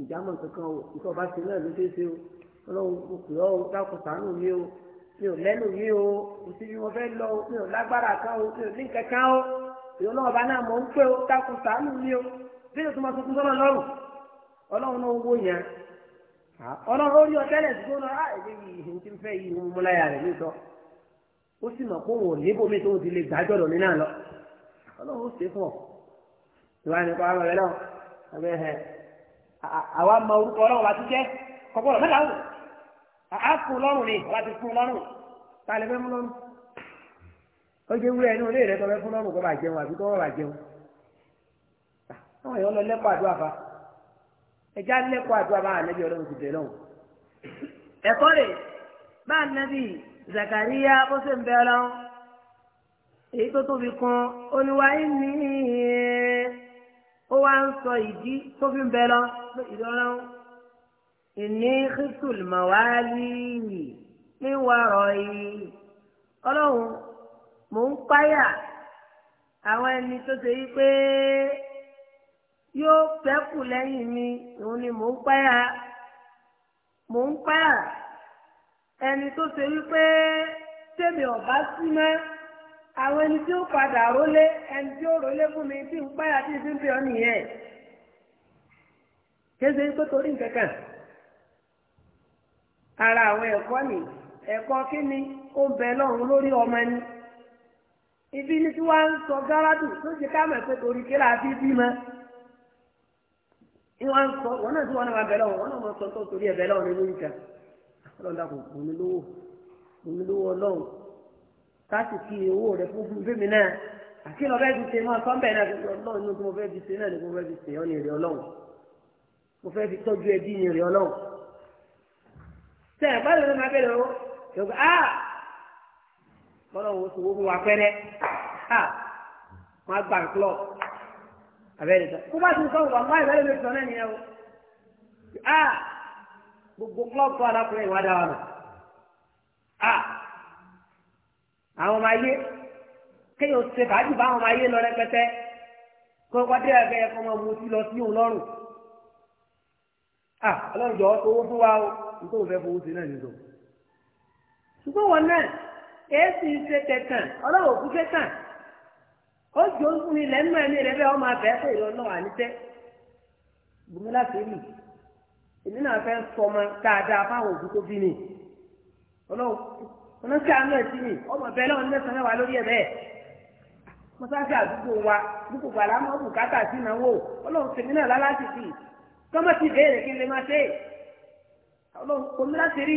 ìjàmọ̀ kankan o nǹkan ọba ti náà ló ṣe é ṣe o ọlọ́run mo pè ọ́ o dákun o mi ò lẹ́nu o kò sí bí mo fẹ́ lọ o mi ò lágbára kan o mi ò ní kankan o èyí ọba náà ń o dákun mi o bí o sọ́nà lọ́rùn ọlọ́run náà wó yẹn ọlọ́run ó rí náà ah, fẹ́ ó sì mọ̀ pé òun mi tó àwa mọ orúkọ ọlọ́run wa ti jẹ́ kọ́kọ́rọ̀ mẹ́ta wò á fún lọ́rùn ni wà á ti fún lọ́rùn tá a lè fẹ́ mú lọ́rùn ó jẹ́ wúlẹ̀ inú ilé rẹ̀ kọ́ fẹ́ fún lọ́rùn kọ́ bá jẹun àbí kọ́ bá jẹun àwọn èèyàn lọ lẹ́kọ̀ọ́ àdúrà fa ẹja lẹ́kọ̀ọ́ àdúrà bá ànẹ́bí ọlọ́run ti bẹ̀rẹ̀ ẹ̀kọ́ rẹ̀ bá ànẹ́bí Zakariya bó ṣe ń bẹ ọlọ́run èyí tó tóbi kan oníwáyé ní ó wá ń sọ ìdí tó fi ń bẹ lọ ìdọ́rọ́ ìní kíkùl màwáálì níwàrọ̀ yìí ọlọ́run mò ń páyà àwọn ẹni tó ṣe yí pé yóò pẹ́kù lẹ́yìn mi òun ni mò ń páyà mò ń páyà ẹni tó ṣe wípé tèmi ọ̀bá sí mẹ́ àwọn ẹni tí ó padà rólé ẹni tí ó rólé fún mi tí ń páyà tí ìdí ń bẹ ọ nìyẹn kéde pé torí nǹkankan ara àwọn ẹ̀kọ́ ni ẹ̀kọ́ kíni ó bẹ lọ́run lórí ọmọ ẹni ibi ni tí wọ́n ń sọ gáràdù tó ṣe ká mọ̀ pé torí kí láti bí mọ́ ìwọ́n ń sọ wọn náà tí wọ́n náà máa bẹ lọ́run wọn náà máa sọ tó torí ẹ̀ bẹ lọ́run lórí ìjà ọlọ́run dàpọ̀ òun lówó òun lówó ọlọ́run sáàtì kí owó rẹ fún fúnmi náà àti lọ fẹ́ẹ́ fi ṣe máa sọ́ńbẹ̀ náà fi ọlọ́run ní mo fẹ́ẹ́ fi ṣe náà ni mo fẹ́ẹ́ fi ṣe ọ́ ní èrè ọlọ́run mo fẹ́ẹ́ fi tọ́jú ẹbí ní èrè ọlọ́run sẹ́yìn pálọ̀ ló máa bẹ̀rẹ̀ o yọ̀gbọ́n a ọlọ́run oṣù owó wa pẹ́rẹ́ a máa gbà ń klọ̀ abẹ́rẹ́ ta kó bá ti sọ wà máa ìbẹ́rẹ́ mi sọ náà nìyẹn o a gbogbo klọ̀ tó alákùnrin ìwádàá wa nù a àwọn ọmọ ayé kéèyàn ṣe fàájì bá àwọn ọmọ ayé lọ rẹpẹtẹ kó o pàdé ẹgbẹ ẹkọ ọmọ mu ti lọ sí òun lọ́rùn à ọlọ́run jọ owó fún wa o nítorí òun fẹ́ fowó sí náà nìyẹn ṣùgbọ́n wọn náà èsì ṣe tẹ̀tàn ọlọ́run òkú ṣe tàn ó jò ó fún ilẹ̀ nínú ẹni rẹ bẹ́ẹ̀ ọmọ abẹ́ fún ìlọ náà àníṣe bùnmi láti rí fẹ́ sọmọ dáadáa fáwọn òkú tó bí ni ọlọ́run ọlọ́sí àánú ẹ̀ sí mi ọmọ bẹ́ẹ̀ lọ́wọ́ nílẹ̀ sọ́nà wa lórí ẹ̀ bẹ́ẹ̀ mọ́sáàsì àdúgbò wa gbogbo gbàlá mọ́ bùkátà sí ìnáwó ọlọ́run náà sí ti béèrè kí n lè ṣe ọlọ́run rí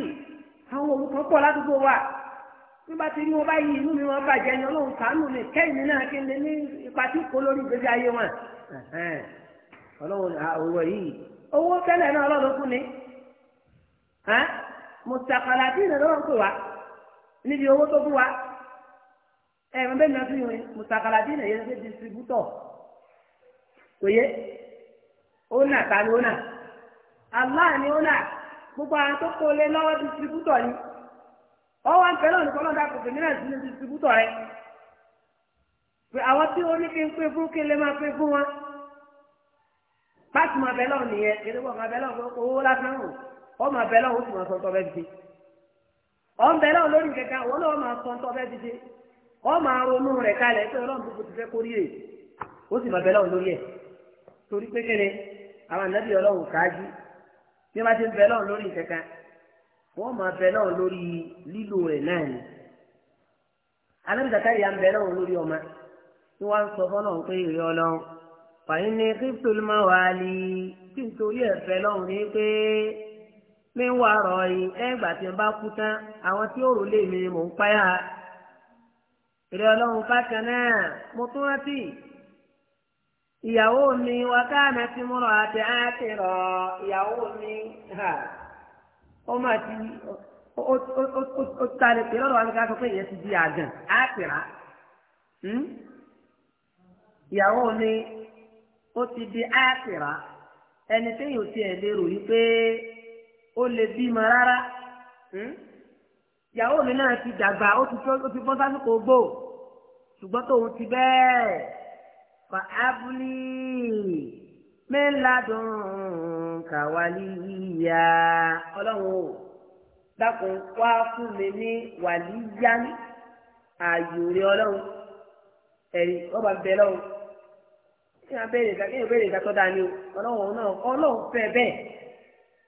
àwọn olùkọ́ wa nígbà tí bá yí inú mi bàjẹ́ ni ọlọ́run mi kẹ́yìn náà kí n lè ní ipa tí níbi owó tó fún wa ẹ ẹ bẹ́ẹ̀ ni wọ́n fi wọn mùsàkàlàdì náà yẹn ṣe distributọ̀ kò yẹ ọ̀nà ta ni ọ̀nà Allah ni ọ̀nà gbogbo àwọn tó kó lé lọ́wọ́ distributọ̀ ni ọwọ́ nkẹ́ náà nìkan náà dàpọ̀ tèmi náà sí ní distributọ̀ rẹ pé àwọn tí ó ní kí n pé fún kí n lè máa pé fún wọn bá tì máa bẹ lọ́wọ́ nìyẹn kí n lè máa bẹ lọ́wọ́ owó lásán wò ọ máa bẹ lọ́wọ́ ó sì máa sọ tọ́ bẹ́ẹ̀ fi ọ̀n bẹ̀rẹ̀ ọ̀ lórí kẹta wọ́n lọ́wọ́ máa sọ ọ́ bẹ́ẹ̀ dídé wọ́n máa ronú rẹ̀ kalẹ̀ pé ọlọ́run gbogbo ti fẹ́ kórí rè ó sì máa bẹ̀rẹ̀ ọ̀ lórí ẹ̀ torí pé kéde àwọn ànábì ọlọ́run káájú bí wọ́n ti ń bẹ̀rẹ̀ ọ̀ lórí kẹta wọ́n máa bẹ̀rẹ̀ ọ̀ lórí lílo rẹ̀ náà ni ànábì Zakariya ń bẹ̀rẹ̀ ọ̀ lórí ọmọ tí wọ́n sọ fọ́nà pé ìrẹ́ ọlọ́run fàyín ní kírísítò mi ń wà rọ̀ yìí lẹ́yìn ìgbà tí n bá kú tán àwọn tí ó rò mi mò ń páyà. ìrẹ́ ọlọ́run bákan náà mo tún rántí ìyàwó mi wà káàmẹ́ tí mo rọ̀ àti àti rọ̀ ìyàwó mi ó mà ti ó lọ́dọ̀ wa ní ká ti di àgàn àti rà hmm? ìyàwó mi ti di àti rà ẹni tí yóò lérò yìí pé. ó lè bímọ rárá hmm? ìyàwó mi náà ti dàgbà ó ti bọ́ sásìkò gbò ṣùgbọ́n tóun ti bẹ́ẹ̀ fa abúlé mẹ́ladùn kàwálí yíya ọlọ́run o dákun wá fún mi ní wàlíyá ní ààyò rẹ ọlọ́run ẹ̀rí ọba bẹ lọ́run kí n abẹ́rẹ́ ìdákẹ́yìn bẹ́rẹ̀ ìdákọ́ dání o ọlọ́run náà ọlọ́run fẹ́ bẹ́ẹ̀.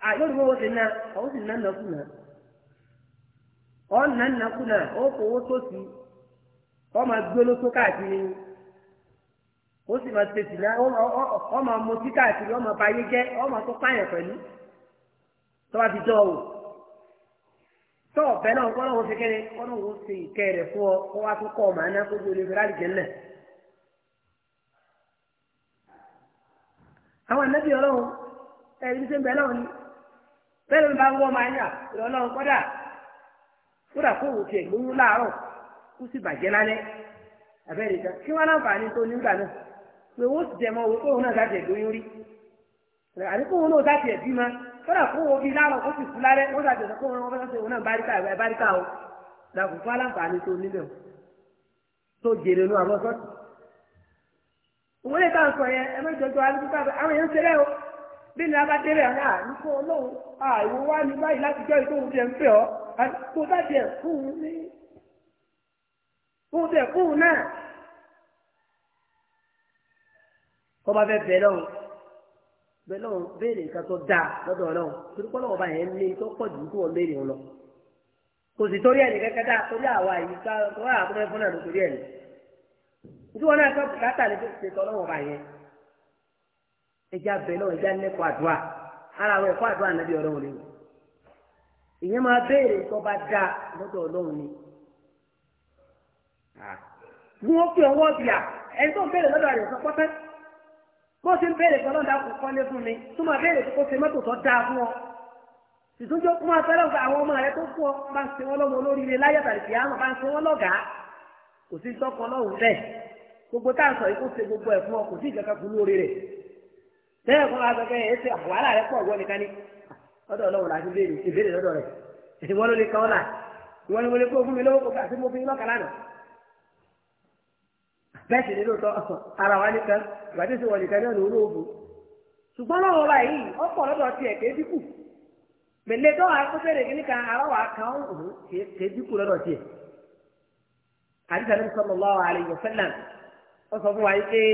lórí owó ti ná ó sì ná nàkúnà ó ná nàkúnà ó fowó sósì ó ma gbé lóṣó káàkiri ó sì ma ṣe tìlá ó máa mutí káàkiri ó máa ba jẹ́ ó ma tó pààyàn pẹ̀lú tó bá fi o tó ọ̀bẹ náà kọ́ fi kọ́ lọ́wọ́ ṣe ìkẹ́ rẹ̀ fún ọ kó wá tó kọ́ ọ̀ màá ná kó gbé olè àwọn ọlọ́run bẹ́ẹ̀ ló máa ń wọ́ máa ń yà lọ́lọ́run kọ́dà kódà kó wò tiẹ̀ lóyún láàárọ̀ kó sì bàjẹ́ lálẹ́ abẹ́rẹ́ ìjà kí wọ́n láǹfààní tó nígbà náà pé wọ́n sì jẹmọ́ owó kóhun náà sátiẹ̀ lóyún rí àti kóhun náà sátiẹ̀ bí ma kódà kó wo bí láàárọ̀ kó sì kú lálẹ́ wọ́n sátiẹ̀ sọ kóhun náà wọ́n sátiẹ̀ báríkà ẹ̀ báríkà o dàkú fún aláǹfààní tó nílẹ̀ o tó jèrè nu àbọ̀ sọ́ọ̀tì òun bí ní abájẹ́rẹ́ náà ah, ní fún ọlọ́run àìwò ah, wá ní báyìí láti jọ́ ìtòhun jẹ́ ń pè ọ́ kó bá jẹ́ fún un ní fún bẹ́ẹ̀ fún un náà kọ́ bá fẹ́ bẹ́ẹ̀ lọ́hùn bẹ́ẹ̀ lọ́hùn béèrè nǹkan tó dáa lọ́dọ̀ ọlọ́run torí pé ọlọ́run ọba yẹn ní tó pọ̀ jù tó wọ́n béèrè wọn lọ kò sì torí ẹ̀yìn kẹ́kẹ́ dáa torí àwa yìí ká ẹja bẹ̀rẹ̀ lọ́wọ́ ẹja lẹ́kọ̀ọ́ àdúrà ara àwọn ẹ̀kọ́ àdúrà nàbí ọlọ́run ni ìyẹn máa béèrè tó bá dáa lọ́dọ̀ ọlọ́run ni. bí wọ́n fi ọwọ́ bìà ẹni tó ń béèrè lọ́dọ̀ rẹ̀ sọ pọ́pẹ́ bó ṣe ń béèrè fún ọlọ́dà kò kọ́lé fún mi tó máa béèrè kó ṣe mọ́tò tó dáa fún ọ. ìtúnjọ́ kó máa fẹ́ràn àwọn ọmọ rẹ tó fún ọ bá ń ṣe wọ́n lọ́mọ olóríire láyé àtàlìfì àmọ́ bá ń ṣe wọ́n lọ́gàá kò sí tọkọ ọlọ́run bẹ́ẹ̀ gbogbo táà sọ yìí kó ṣe gbogbo ẹ̀ fún ọ kò sí ìjọba kúlú orí rẹ̀ lẹ́yìn kan wá sọ pé ẹ ṣe wàhálà rẹ pọ̀ gbọ́ nìkan ni ọ̀dọ̀ ọlọ́run láti béèrè ìbéèrè lọ́dọ̀ rẹ̀ èsì wọn ló lè kàn ọ́nà wọn ni mo lè kó fún mi kó ara wa nìkan nìkan náà ṣùgbọ́n lọ́wọ́ wa yìí ọ̀pọ̀ lọ́dọ̀ tiẹ̀ kéé dínkù tó ara wa kéé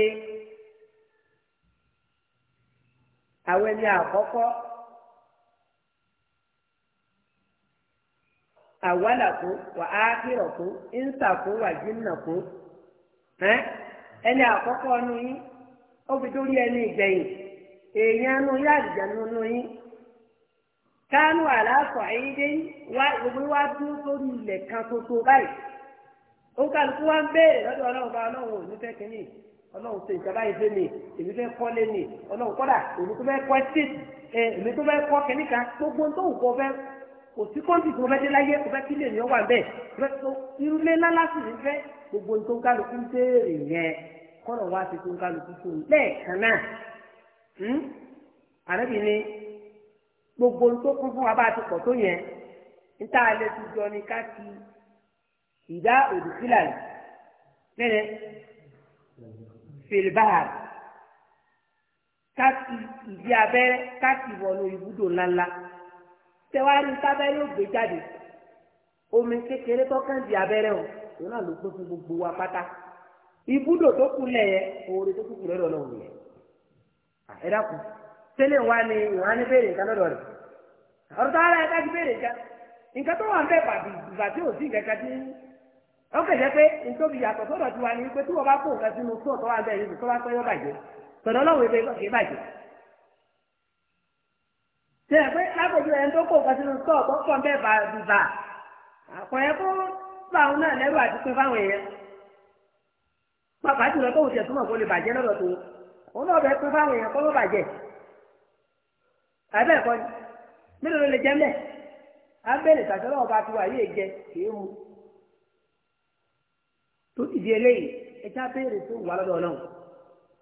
àwọn ẹni àkọ́kọ́ àwàlàkó wà á kírọ̀kó ínsàkó wà jìnnàkó ẹni àkọ́kọ́ ọnu yín ó fi dórí ẹni ìgbẹ̀yìn èèyàn nu yá àdìjànú nu yín kánú àlàáfọ̀ ẹ̀yìndé wá gbogbo wá dúró sórí ilẹ̀ kan tó tó báyìí ó kálukú wá ń béèrè lọ́dọ̀ ọlọ́run bá ọlọ́run ò ní fẹ́ ọlọ́run ṣe ìjọba yìí fẹ́ mi èmi fẹ́ kọ́lé mi ọlọ́run kọ́dà èmi tó fẹ́ kọ́ ẹ́sítéètì ẹ èmi tó fẹ́ kọ́ kẹ́míkà gbogbo tó wù kọ́ fẹ́ kò sí kọ́ńtì tó fẹ́ dé láyé kò fẹ́ kílè ní ọwà bẹ́ẹ̀ fẹ́ tó irúlé lálá sì ní fẹ́ gbogbo tó ń kálukú béèrè yẹn kọ́nà wá ti tó ń kálukú fún un lẹ́ẹ̀kan náà hmm? àrẹ́bí ni gbogbo tó kún fún wa bá ti pọ̀ tó yẹn níta filibahar káàkì ìdí abẹ́rẹ́ káàkì wọnú ibùdó ńláńlá tẹwárí ògbé jáde omi kékeré tọ́kàn di abẹ́rẹ́ o òun náà ló gbé fún gbogbo wa pátá tó oore tó lọ́dọ̀ ẹ dákun tẹ́lẹ̀ wa ìwà nǹkan lọ́dọ̀ rẹ̀ ọ̀rọ̀ tó nǹkan nǹkan tó wà ń bẹ̀ bàbí ò sí nǹkan kan ó kẹ̀jẹ́ pé nítorí yàtọ̀ sọ́dọ̀ tiwa ni wípé tí wọ́n bá kó nǹkan sínú tó ọ̀tọ́ wa bẹ́ẹ̀ yìí tó bá pẹ́ yọ bàjẹ́ tọ̀dọ̀ ọlọ́run ebe kì í ṣe é pé lápòjú ẹni tó kó nǹkan sínú tó ọ̀tọ́ pọ̀ ń bẹ́ẹ̀ bá bùbà àpọ̀yẹ fún báwọn náà lẹ́rù àti pé fáwọn èèyàn. pàápàá jùlọ tóun tẹ̀ túmọ̀ kó lè bàjẹ́ lọ́dọ̀ tó òun náà bẹ́ẹ̀ pé fáwọn èèyàn kọ́ ló bàjẹ́. àbẹ́ẹ̀kọ́ ni mélòó ló lè jẹ kì í tó ìdí eléyìí ẹ já béèrè tó wà lọ́dọ̀ náà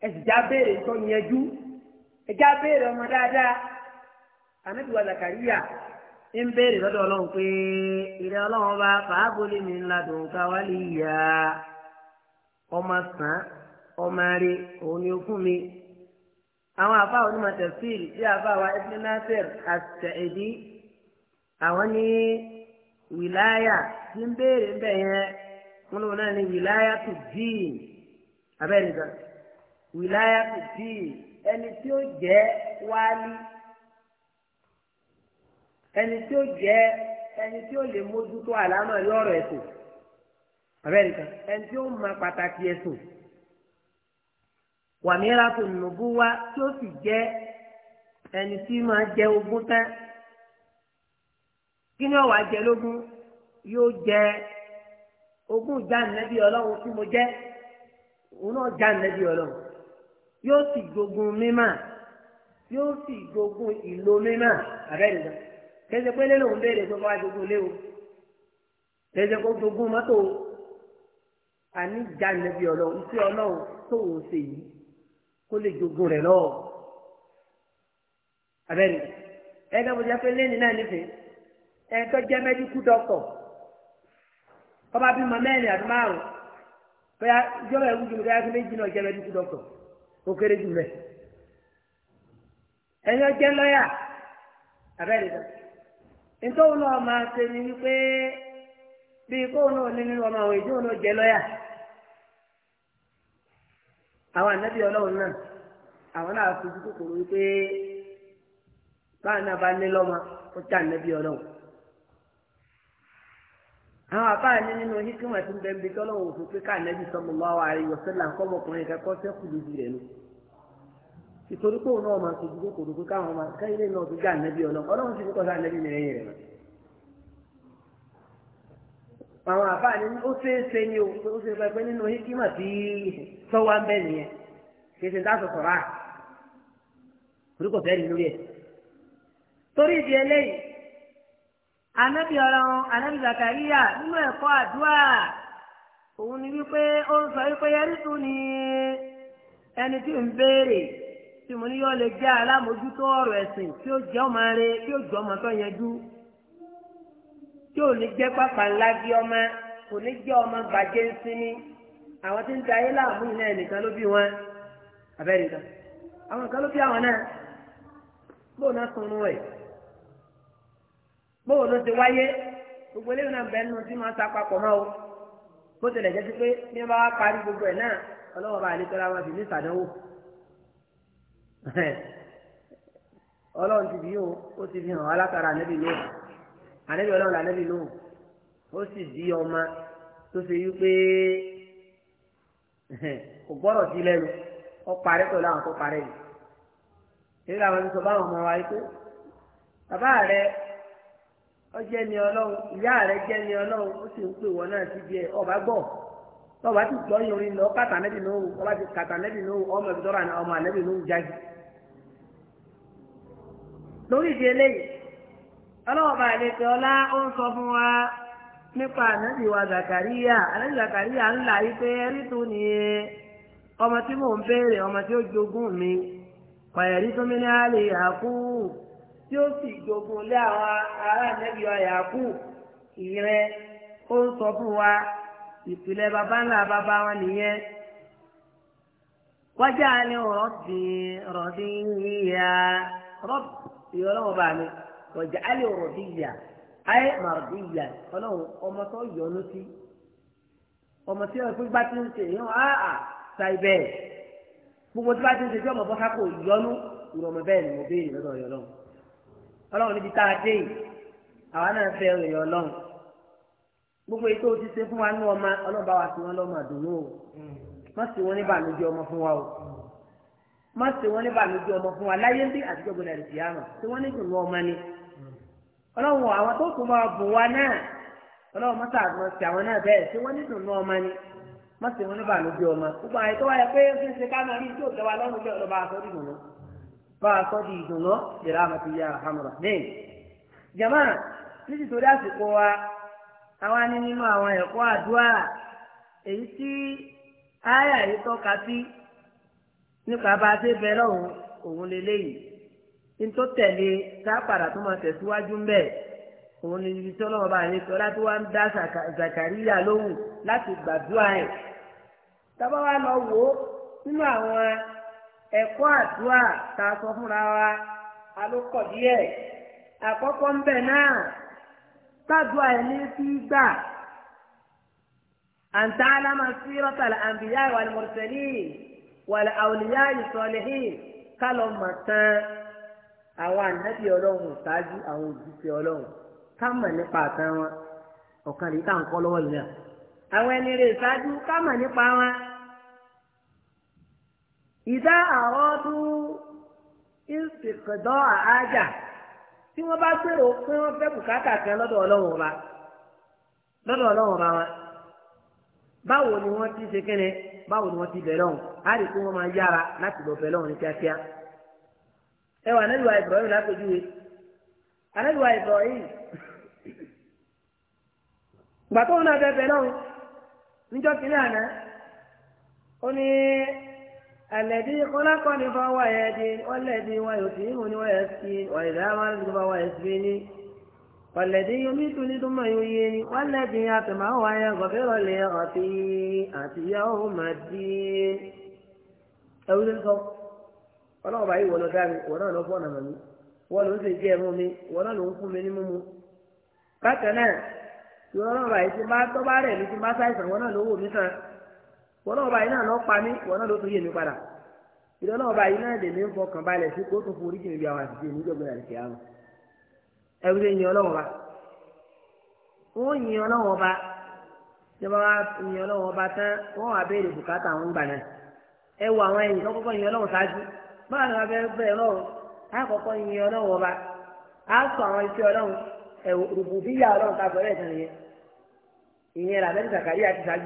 ẹ sì já béèrè tó yẹjú ẹ já béèrè ọmọ dáadáa ànábì wa Zakariya ń béèrè lọ́dọ̀ ọlọ́run pé ìrẹ́ ọlọ́run bá fàábólì mi ńlá dùn ká wálé yá ọmọ sàn ọmọ rẹ òun ni ó fún mi àwọn àfa onímọ̀ tí àfa wa ẹ̀sìn nasir àtẹ̀ẹ̀dí àwọn ní wìláyà ń béèrè ń yẹn wọn lọ náà ní wìláyà tó díì abẹ́rẹ́ gan wìláyà tó díì ẹni tí ó jẹ́ wálí ẹni tí ó jẹ́ ẹni tí ó lè mójútó àlámọ̀ yọ̀rọ̀ ẹ̀sùn abẹ́rẹ́ gan ẹni tí ó mọ pàtàkì ẹ̀sùn wàmíra tó nùbú wá tí ó sì jẹ́ ẹni tí máa jẹ ogún tán kí ni ọ̀wà jẹ lógún yóò jẹ ogún ìjànẹ́bí ọlọ́run tí mo jẹ́ òun náà jànẹ́bí ọlọ́run yóò sì gbógun mímà yóò sì gbógun ìlò mímà abẹ́rẹ́ lọ kéde pé lé lòun béèrè pé wàá gbógun lé o kéde pé gbógun mọ́tò àní jànẹ́bí ọlọ́run iṣẹ́ ọlọ́run tó wò ó ṣe yìí kó lè gbógun rẹ̀ lọ́wọ́ abẹ́rẹ́ ẹgbẹ́ bó jẹ́ pé lẹ́ni náà nífẹ̀ẹ́ ẹ̀ńtọ́ jẹ́ mẹ́díkù dọ́kítọ̀ bàbá bí ma mẹ́rin àti márùn bóyá ìjọba ẹ̀wù jù mí káyà kí méjì náà jẹ́bẹ̀ẹ́ dúkú dọ́kítọ̀ ó kéré jù mẹ́. ẹ̀yin ọjẹ́ lọ́yà abẹ́rẹ́ dá. nítorí náà máa ṣe ni wípé bíi kóun náà ní nínú ọmọ àwọn ìjọba náà jẹ́ lọ́yà. àwọn ànábì ọlọ́run náà àwọn náà fojú kòkòrò wípé báwọn náà bá ní lọ́mọ ó tà ànábì ọlọ́run. àwọn àbá ní nínú hikima tí ń bẹ ọla tọ́lọ́wọ́ òfin pé káànẹ́bí sallallahu alaihi wasallam kọ́mọkùnrin kẹ́kọ́ sẹ́kù lójú rẹ̀ nù. ìtorí pé òun náà máa sojú kó kòdòkó káwọn máa káyílẹ̀ náà tó gbé ànẹ́bí ọlọ́run ọlọ́run sì ní kọ́sá rẹ̀. àwọn àbá ó ṣe nínú hikima sọ́wọ́ nìyẹn kì í anabi ọlọ́run anabi zakariya nínú ẹ̀kọ́ àdúrà òun ni wípé ó ń sọ wípé yẹrí tún ni ẹni tí ń béèrè tí mo ní yọ lè jẹ́ alámòjútó ọ̀rọ̀ ẹ̀sìn tí ó jẹ́ ọmọ rẹ tí ó jẹ́ ọmọ tó yẹjú tí ò ní jẹ́ pápá ńlá bí ọmọ kò ní jẹ́ ọmọ bàjẹ́ ń àwọn tí ń da ayé láàmú iná ẹnìkan ló bí wọn abẹ́rẹ́ kan àwọn kan ló bí àwọn náà bóun náà sunrun ẹ̀ bówo ló ti wáyé gbogbo eléyìí náà bẹ́ẹ̀ nù tí wọ́n sá papọ̀ mọ́ o bó tilẹ̀ jẹ́ sí pé bí wọ́n bá wá parí gbogbo ẹ̀ náà ọlọ́wọ́ bá àlejò ara wọn sì ní ìsàdánwò ọlọ́run ti bí yóò ó ti fi hàn alátara ànábì lóhùn ànábì ọlọ́run ànábì lóhùn ó sì di ọma tó ṣe yí pé kò gbọ́dọ̀ sí lẹ́nu ó parẹ́ pẹ̀lú àwọn tó parẹ́ yìí. èyí làwọn ti sọ báwọn ọmọ wa yìí pé bàbá rẹ ọ jẹ́ ni ọlọ́run ìyá rẹ̀ jẹ́ ni ọlọ́run ó náà ọba gbọ́ tọ́ba ti gbọ́ lọ kàtà ní òwò ọba ti kàtà ní òwò ọmọ ọmọ ní òwò jáde. lórí ìdí eléyìí ọlá ó fún wa nípa wa Zakariya Zakariya yí pé ẹrí e, ọmọ tí mò ń ọmọ tí ó jogún mi tó mi ní àlè àkúù tí ó sì jogun lé àwọn ará nẹ́bí ọ̀yàkú ìrẹ́ ó ń sọ fún wa ìpìlẹ̀ baba ńlá baba wọn nìyẹn. wájà ni rọ́bì rọ́bì yíya rọ́bì ìyá ọlọ́run bá mi wọ̀jà á lè rọ̀bì yíya ayé màrọ̀bì yíya ọlọ́run ọmọ tó yọnu sí ọmọ tí wọn fún bá ti ń ṣe yín á à ṣàì bẹ́ẹ̀ gbogbo tí bá ti ń ṣe tí ọmọ bọ́ sáko yọnu ìrọ̀mọ bẹ́ẹ̀ ni mo béèrè lọ́dọ̀ ọ̀yọ́ lọ́wọ́. ọlọ́run níbi tá a dé yìí àwa náà fẹ́ ìròyìn ọlọ́run gbogbo ètò ti ṣe fún wa ní ọmọ ọlọ́ba wa sí wọn lọ́mọ àdùnnú o má ọmọ fún o má sì wọn ní bànújẹ́ ọmọ fún wa láyé ń bí àtijọ́ gbọdọ̀ tí wọ́n ní ọmọ ni wa náà ọlọ́run sí àwọn náà bẹ́ẹ̀ tí wọ́n ní ọmọ ni má sì wọn ọmọ gbogbo àyè bá a sọ di ìdùnnú ìrámọ̀tì yá àhámọ̀rọ̀ lẹ́yìn. jama nítorí àsìkò wa àwa ní nínú àwọn ẹ̀kọ́ àdúrà èyí tí áyà yìí tọ́ka sí nípa bá a ṣe bẹ́ẹ̀ lọ́hùn òun lélẹ́yìí tó tẹ̀lé sápàdà tó máa tẹ̀síwájú ńbẹ̀ òun ni ibi tí ọlọ́mọ bá yẹn sọ láti wá ń dá Zakariya lóhùn láti gbàdúrà ẹ̀. tábà wá lọ wò ó nínú àwọn ẹ̀kọ́ àdúrà a sọ fúnra wa a díẹ̀ àkọ́kọ́ ń bẹ̀ náà tádùá ẹni tí gbà àǹtá aláma rọ́tàlá àǹbíyá wal mursalin wal awliya salihin kálọ̀ mọ̀ àwọn ànábì ọlọ́run ṣáájú àwọn òjíṣẹ́ ọlọ́run ká nípa àtàn ọ̀kan lè ká ń lọ́wọ́ yìí wọn. ìdá àrọ́dún ìsìnkàndọ́ àájà tí wọ́n bá gbèrò pé wọ́n fẹ́ bùkátà kan lọ́dọ̀ ọlọ́run ọba lọ́dọ̀ ọlọ́run ọba wọn báwo ni wọ́n ti ṣe kẹ́ni báwo ni wọ́n ti bẹ̀rẹ̀ ọ̀hún á rí i pé wọ́n máa yára láti lọ bẹ̀rẹ̀ ọ̀hún ní kíákíá. ẹ wà nẹ́lùwà Ibrahim lápẹ́júwe anẹ́lùwà Ibrahim gbàtọ́ wọn náà fẹ́ bẹ̀rẹ̀ ọ̀hún níjọ́ kìnìún àná ó ní. الذي خلقني فهو يهدين والذي هو يطعمني ويسقين وإذا مرضت فهو يشفيني والذي يميتني ثم يحييني والذي أطمع أن يغفر لي خطيئتي يوم الدين أولي الفوق ọlọ́run báyìí wọ́n lọ dá mi wọ́n náà lọ fọ́ọ̀nà mọ̀ mi wọ́n ló ń ṣe jẹ́ ẹ̀mú mi wọ́n náà ló ń fún mi ní mímu. bákan náà ìwọ ọlọ́run báyìí ti bá tọ́ bá rẹ̀ mi ti bá ṣàìsàn wọ́n náà ló wò mí sàn wọn náà ọba yìí náà lọ pa mí wọn náà ló tún yé mi padà ìdán náà ọba yìí náà lè ní fọkàn balẹ̀ sí kó tún forí jìnnìbi àwọn àti jìnnìbi ìjọba àti kìámù ẹ̀rù lè ba wọ́n ba ba tán wọ́n wà bùkátà àwọn gbà náà ẹ wọ àwọn ẹ̀yìn kọ́kọ́ yin ọlọ́wọ́n ṣáájú báwọn náà fẹ́ bẹ́ẹ̀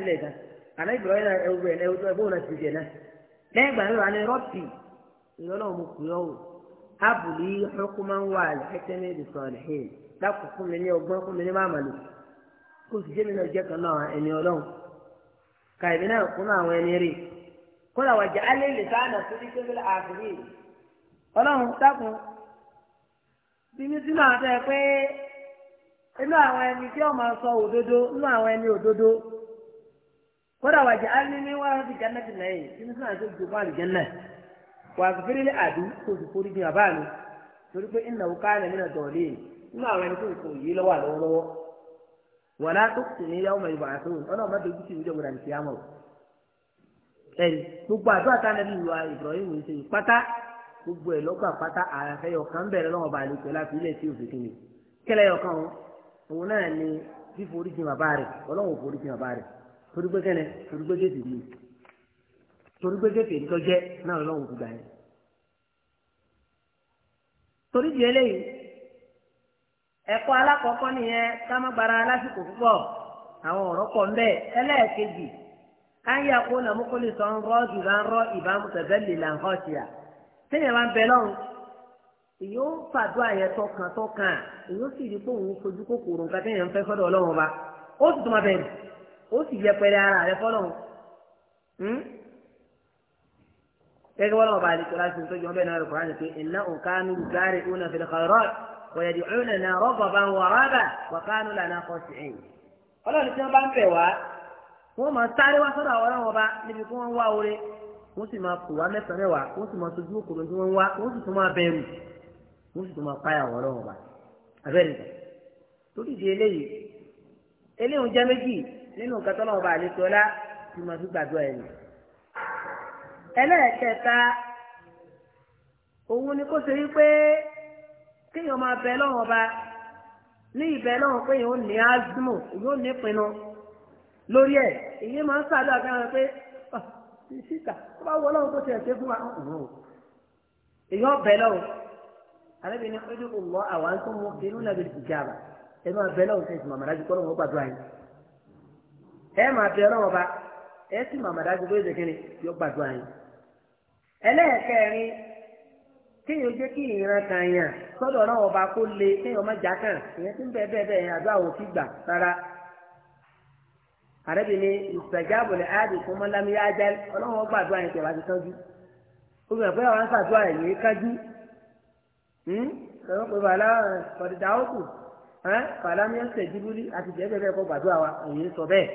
lọ́wọ́ àná ìgbà wẹ́n náà ẹwùrẹ́ náà ẹwùrẹ́ bóun ti jẹ náà lẹ́yìn ìgbà náà ni rọ́ọ̀pì ìrọ́lọ́ mu kù o abùlí ọkùnmá ń wà ẹsẹ̀ ní ìdìsọ̀rọ̀ hẹ́ẹ̀ dákò fún mi ní ọgbọ́n fún mi ní màmàlù kó sì jẹ́mi náà jẹ́ kan náà ẹni ọlọ́run kàìbí náà kún àwọn ẹni rè alẹ́ lè sáànà tó ní ọlọ́run dákun sínú àwọn kódà wàjà alimi wà fi jẹnẹ ti nàyè sínú sàn àti ojú fún àlùjẹnẹ wà fírílẹ àdú tó ti forí bí bàbá mi torí pé ìnà òkà ẹnìmí náà dọ̀ọ̀lẹ́ yìí nínú àwọn ẹni tó ń kò lọ́wọ́ àlọ́wọ́lọ́wọ́ wà á tó sì ní bá ẹ̀rí gbogbo a nẹ́bí ìwà Ibrahim ń ṣe pátá gbogbo ẹ̀ lọ́gbà pátá àfẹ́yọ̀ kan torí pé kẹ́lẹ́ torí pé kéde mi torí pé kéde ìtọ́jẹ́ náà lọ́wọ́ gbogbo àyẹ̀ torí di eléyìí ẹ̀kọ́ alákọ̀ọ́kọ́ nìyẹn kámágbára lásìkò púpọ̀ àwọn ọ̀rọ̀ pọ̀ ń bẹ́ẹ̀ ẹlẹ́ẹ̀kejì káyà kó nàmúkólé sọ ń rọ́ ìbá ń rọ́ ìbá ń lè là ń sí à ń bẹ èyí ó fàdúrà yẹn tọkàntọkàn èyí ó sì rí fojú kòkòrò nǹkan ń fẹ́ ó ó sì yẹpẹrẹ ara rẹ fọlọ́run hmm? gẹ́gẹ́ bọ́lá wọn bá àdìsọ láti tó jọ bẹ́ẹ̀ náà rẹ̀ kúránì pé iná òkánú gáre òun àfi lẹ́kọ̀ọ́rọ́t wọ̀yẹ̀dì òun náà rọ́bà bá ń wọ̀rábà wọ̀kánú lànà kọ́sì ẹ̀yìn. ọlọ́run tí wọ́n bá ń bẹ̀ wá wọ́n máa sáré wá sọ́dọ̀ àwọn ọlọ́run ọba níbi kí wọ́n wá oore wọ́n sì máa kù wá mẹ́sàn-án mẹ́wàá wọ́n sì máa sojú òkòrò tí wọ́n wá wọ́n sì tún máa bẹ̀rù wọ́n sì tún máa páyà wọ́n ọba abẹ́rẹ́ torí di eléyìí nínú nǹkan tó lọ́wọ́ bá àlejò ọlá tí mo fi gbàdúrà ẹ̀ nù. ẹlẹ́ẹ̀kẹta òun ni kó ṣe wípé kéèyàn máa bẹ lọ́wọ́ ba ní ìbẹ̀ lọ́wọ́ pé yóò ní azmo yóò ní pinnu lórí ẹ̀ èyí máa ń sàdúrà fẹ́ràn pé ah, sísà tó bá wọ lọ́wọ́ tó ti ẹ̀ ṣe fún wa èyàn bẹ lọ́wọ́ alẹ́ bí ní ojú kò mọ àwọn tó mú inú nàbẹ̀ ìjàmbá ẹ máa bẹ lọ́wọ́ tẹ̀sí màmá dájú kọ́ lọ́wọ́ gbàdúrà yìí. ẹ máa bẹ ọlọ́wọ́n bá ẹ sì máa màdájú bó ṣe kíni yóò gbàdúrà yín. ẹlẹ́ẹ̀kẹrin kéèyàn jẹ́ kí ìran kan yàn sọ́dọ̀ ọlọ́wọ́n bá kó le kéèyàn má já kàn ìyẹn tí ń bẹ bẹ́ẹ̀ bẹ́ẹ̀ àdúrà wò fi gbà rárá. àrẹ́bí ni ìsàjábòlẹ̀ áàdì fún ájá gbàdúrà yín obìnrin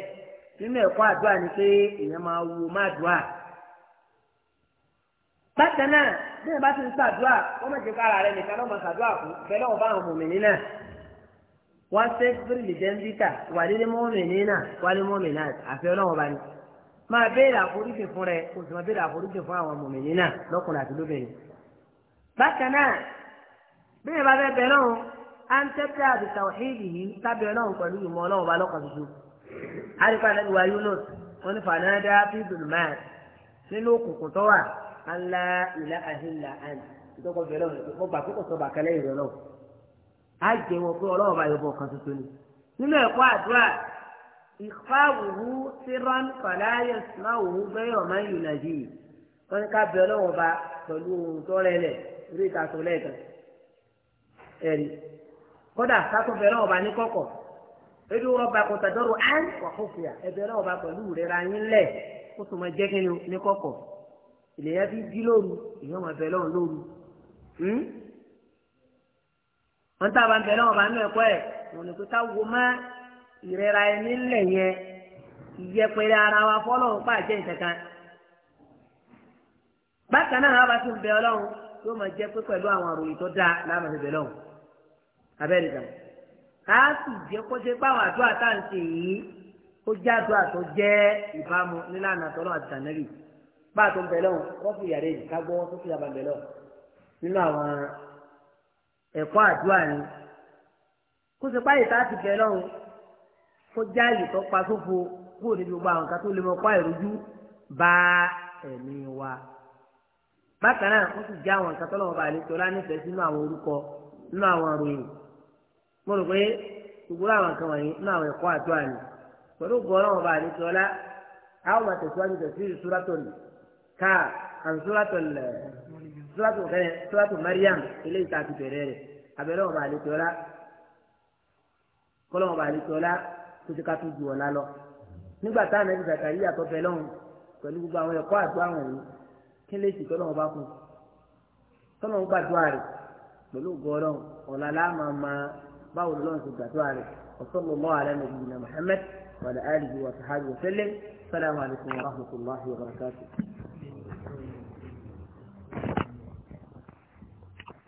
nínú ẹ̀kọ́ àdúrà ni pé èèyàn máa wo má dùà bákan náà bí ẹ bá ti ń ṣàdúrà wọn má jẹ ká ara rẹ nìkan náà máa ṣàdúrà fún bẹ́ẹ̀ náà wọn bá àwọn mòmìnir náà wọn ṣe fúrìlì jẹnbítà wà lílé mọmìnir náà wà lílé mọmìnir náà àfi Ọlọ́run bá ní máa béèrè àforíjì fún rẹ kò sì máa béèrè àforíjì fún àwọn mòmìnir náà lọ́kùnrin àti lóbìnrin bákan náà bí ẹ àríkà náà wà Yunus wọn ní fanadá fídùn máa nínú òkùnkùn tó wà alá ìlà àhìlà àn ìtọ́kọ bẹ̀rẹ̀ ọ̀rẹ́ mo gbà kókò sọ̀bà kẹlẹ́ ìrẹ̀ lọ. á jẹ wọn pé ọlọ́run bá yọbọ kan tuntun ni nínú ẹ̀kọ́ àdúrà ìfáwùrú sírán fàlàyé sùnáwùrú bẹ́ẹ̀ ọ̀mọ́ ìyùnàjì wọn ká bẹ ọlọ́run ọba pẹ̀lú ohun tó rẹlẹ̀ orí ìtàkùn lẹ́ẹ̀kan ẹ̀rí kódà ká tó bẹ ebi wọn ba kò tàdọ́rọ̀ án wà kó fìyà ẹbẹ náà ba pẹ̀lú rẹ̀ ra yín lẹ̀ kó tó máa jẹ́ kínní ní kọ̀kọ̀ ìlẹ̀yà bí bí lóru ìyẹn wọn bẹ̀ lọ́run lóru hmm? wọn tá a bá ń bẹ̀ lọ́wọ́ bá nínú ẹ̀kọ́ ẹ̀ wọn ni kò tá wo má ìrẹ́ra ẹni lẹ̀ yẹn ìyẹpẹrẹ ara wa fọlọ́run pàjẹ́ ìtẹ̀kan bákan náà wọn bá ti ń bẹ̀ ọlọ́run yóò máa jẹ́ pé pẹ̀lú àwọn àròyìn tó dáa láàmú á sì jẹ́ kó ṣe pé àwọn àdúrà tá à ń ṣe yìí ó jẹ́ àdúrà tó jẹ́ ìbámu nílànà tọ́lọ́ àti tànẹ́rì bá a tó ń bẹ̀ lọ́wọ́ wọ́n fi yàrá èjì ká gbọ́ wọ́n tó fi yàrá bẹ̀ lọ́wọ́ nínú àwọn ẹ̀kọ́ àdúrà ni kó ṣe páyì tá a ti bẹ̀ lọ́wọ́ kó já àyè tó pa sófo kúrò níbi gbogbo àwọn kan tó lè mọ kó àìrújú bá ẹ̀mí wa bákan náà wọ́n sì já àwọn nǹkan tọ́lọ́wọ́ bá àlejò lá mo rò pé gbogbo àwọn nǹkan wọ̀nyí ní àwọn ẹ̀kọ́ àjọ àná pẹ̀lú gbọ́dọ̀ wọn bá àdé tọ́lá àwọn máa tẹ̀síwájú tẹ̀síwájú suratul ká àti suratul suratul kẹ́yẹ suratul Maryam eléyìí tá a ti bẹ̀rẹ̀ rẹ̀ abẹ́rẹ́ wọn bá àdé tọ́lá kọ́lọ́ wọn bá àdé tọ́lá tó ti ká tó ju ọ̀la lọ nígbà táwọn ẹbí Zakariya tó bẹ lọ́hùn pẹ̀lú gbogbo àwọn ẹ̀kọ́ àjọ àwọn yìí kí lè sì tọ́lọ́ wọn bá kún tọ́lọ́ wọn gbàdúrà rẹ̀ pẹ̀lú gbọ́dọ̀ ọ̀la láàmà máa طاول الله في الدعوات وصلى الله على نبينا محمد وعلى اله وصحبه وسلم السلام عليكم ورحمه الله وبركاته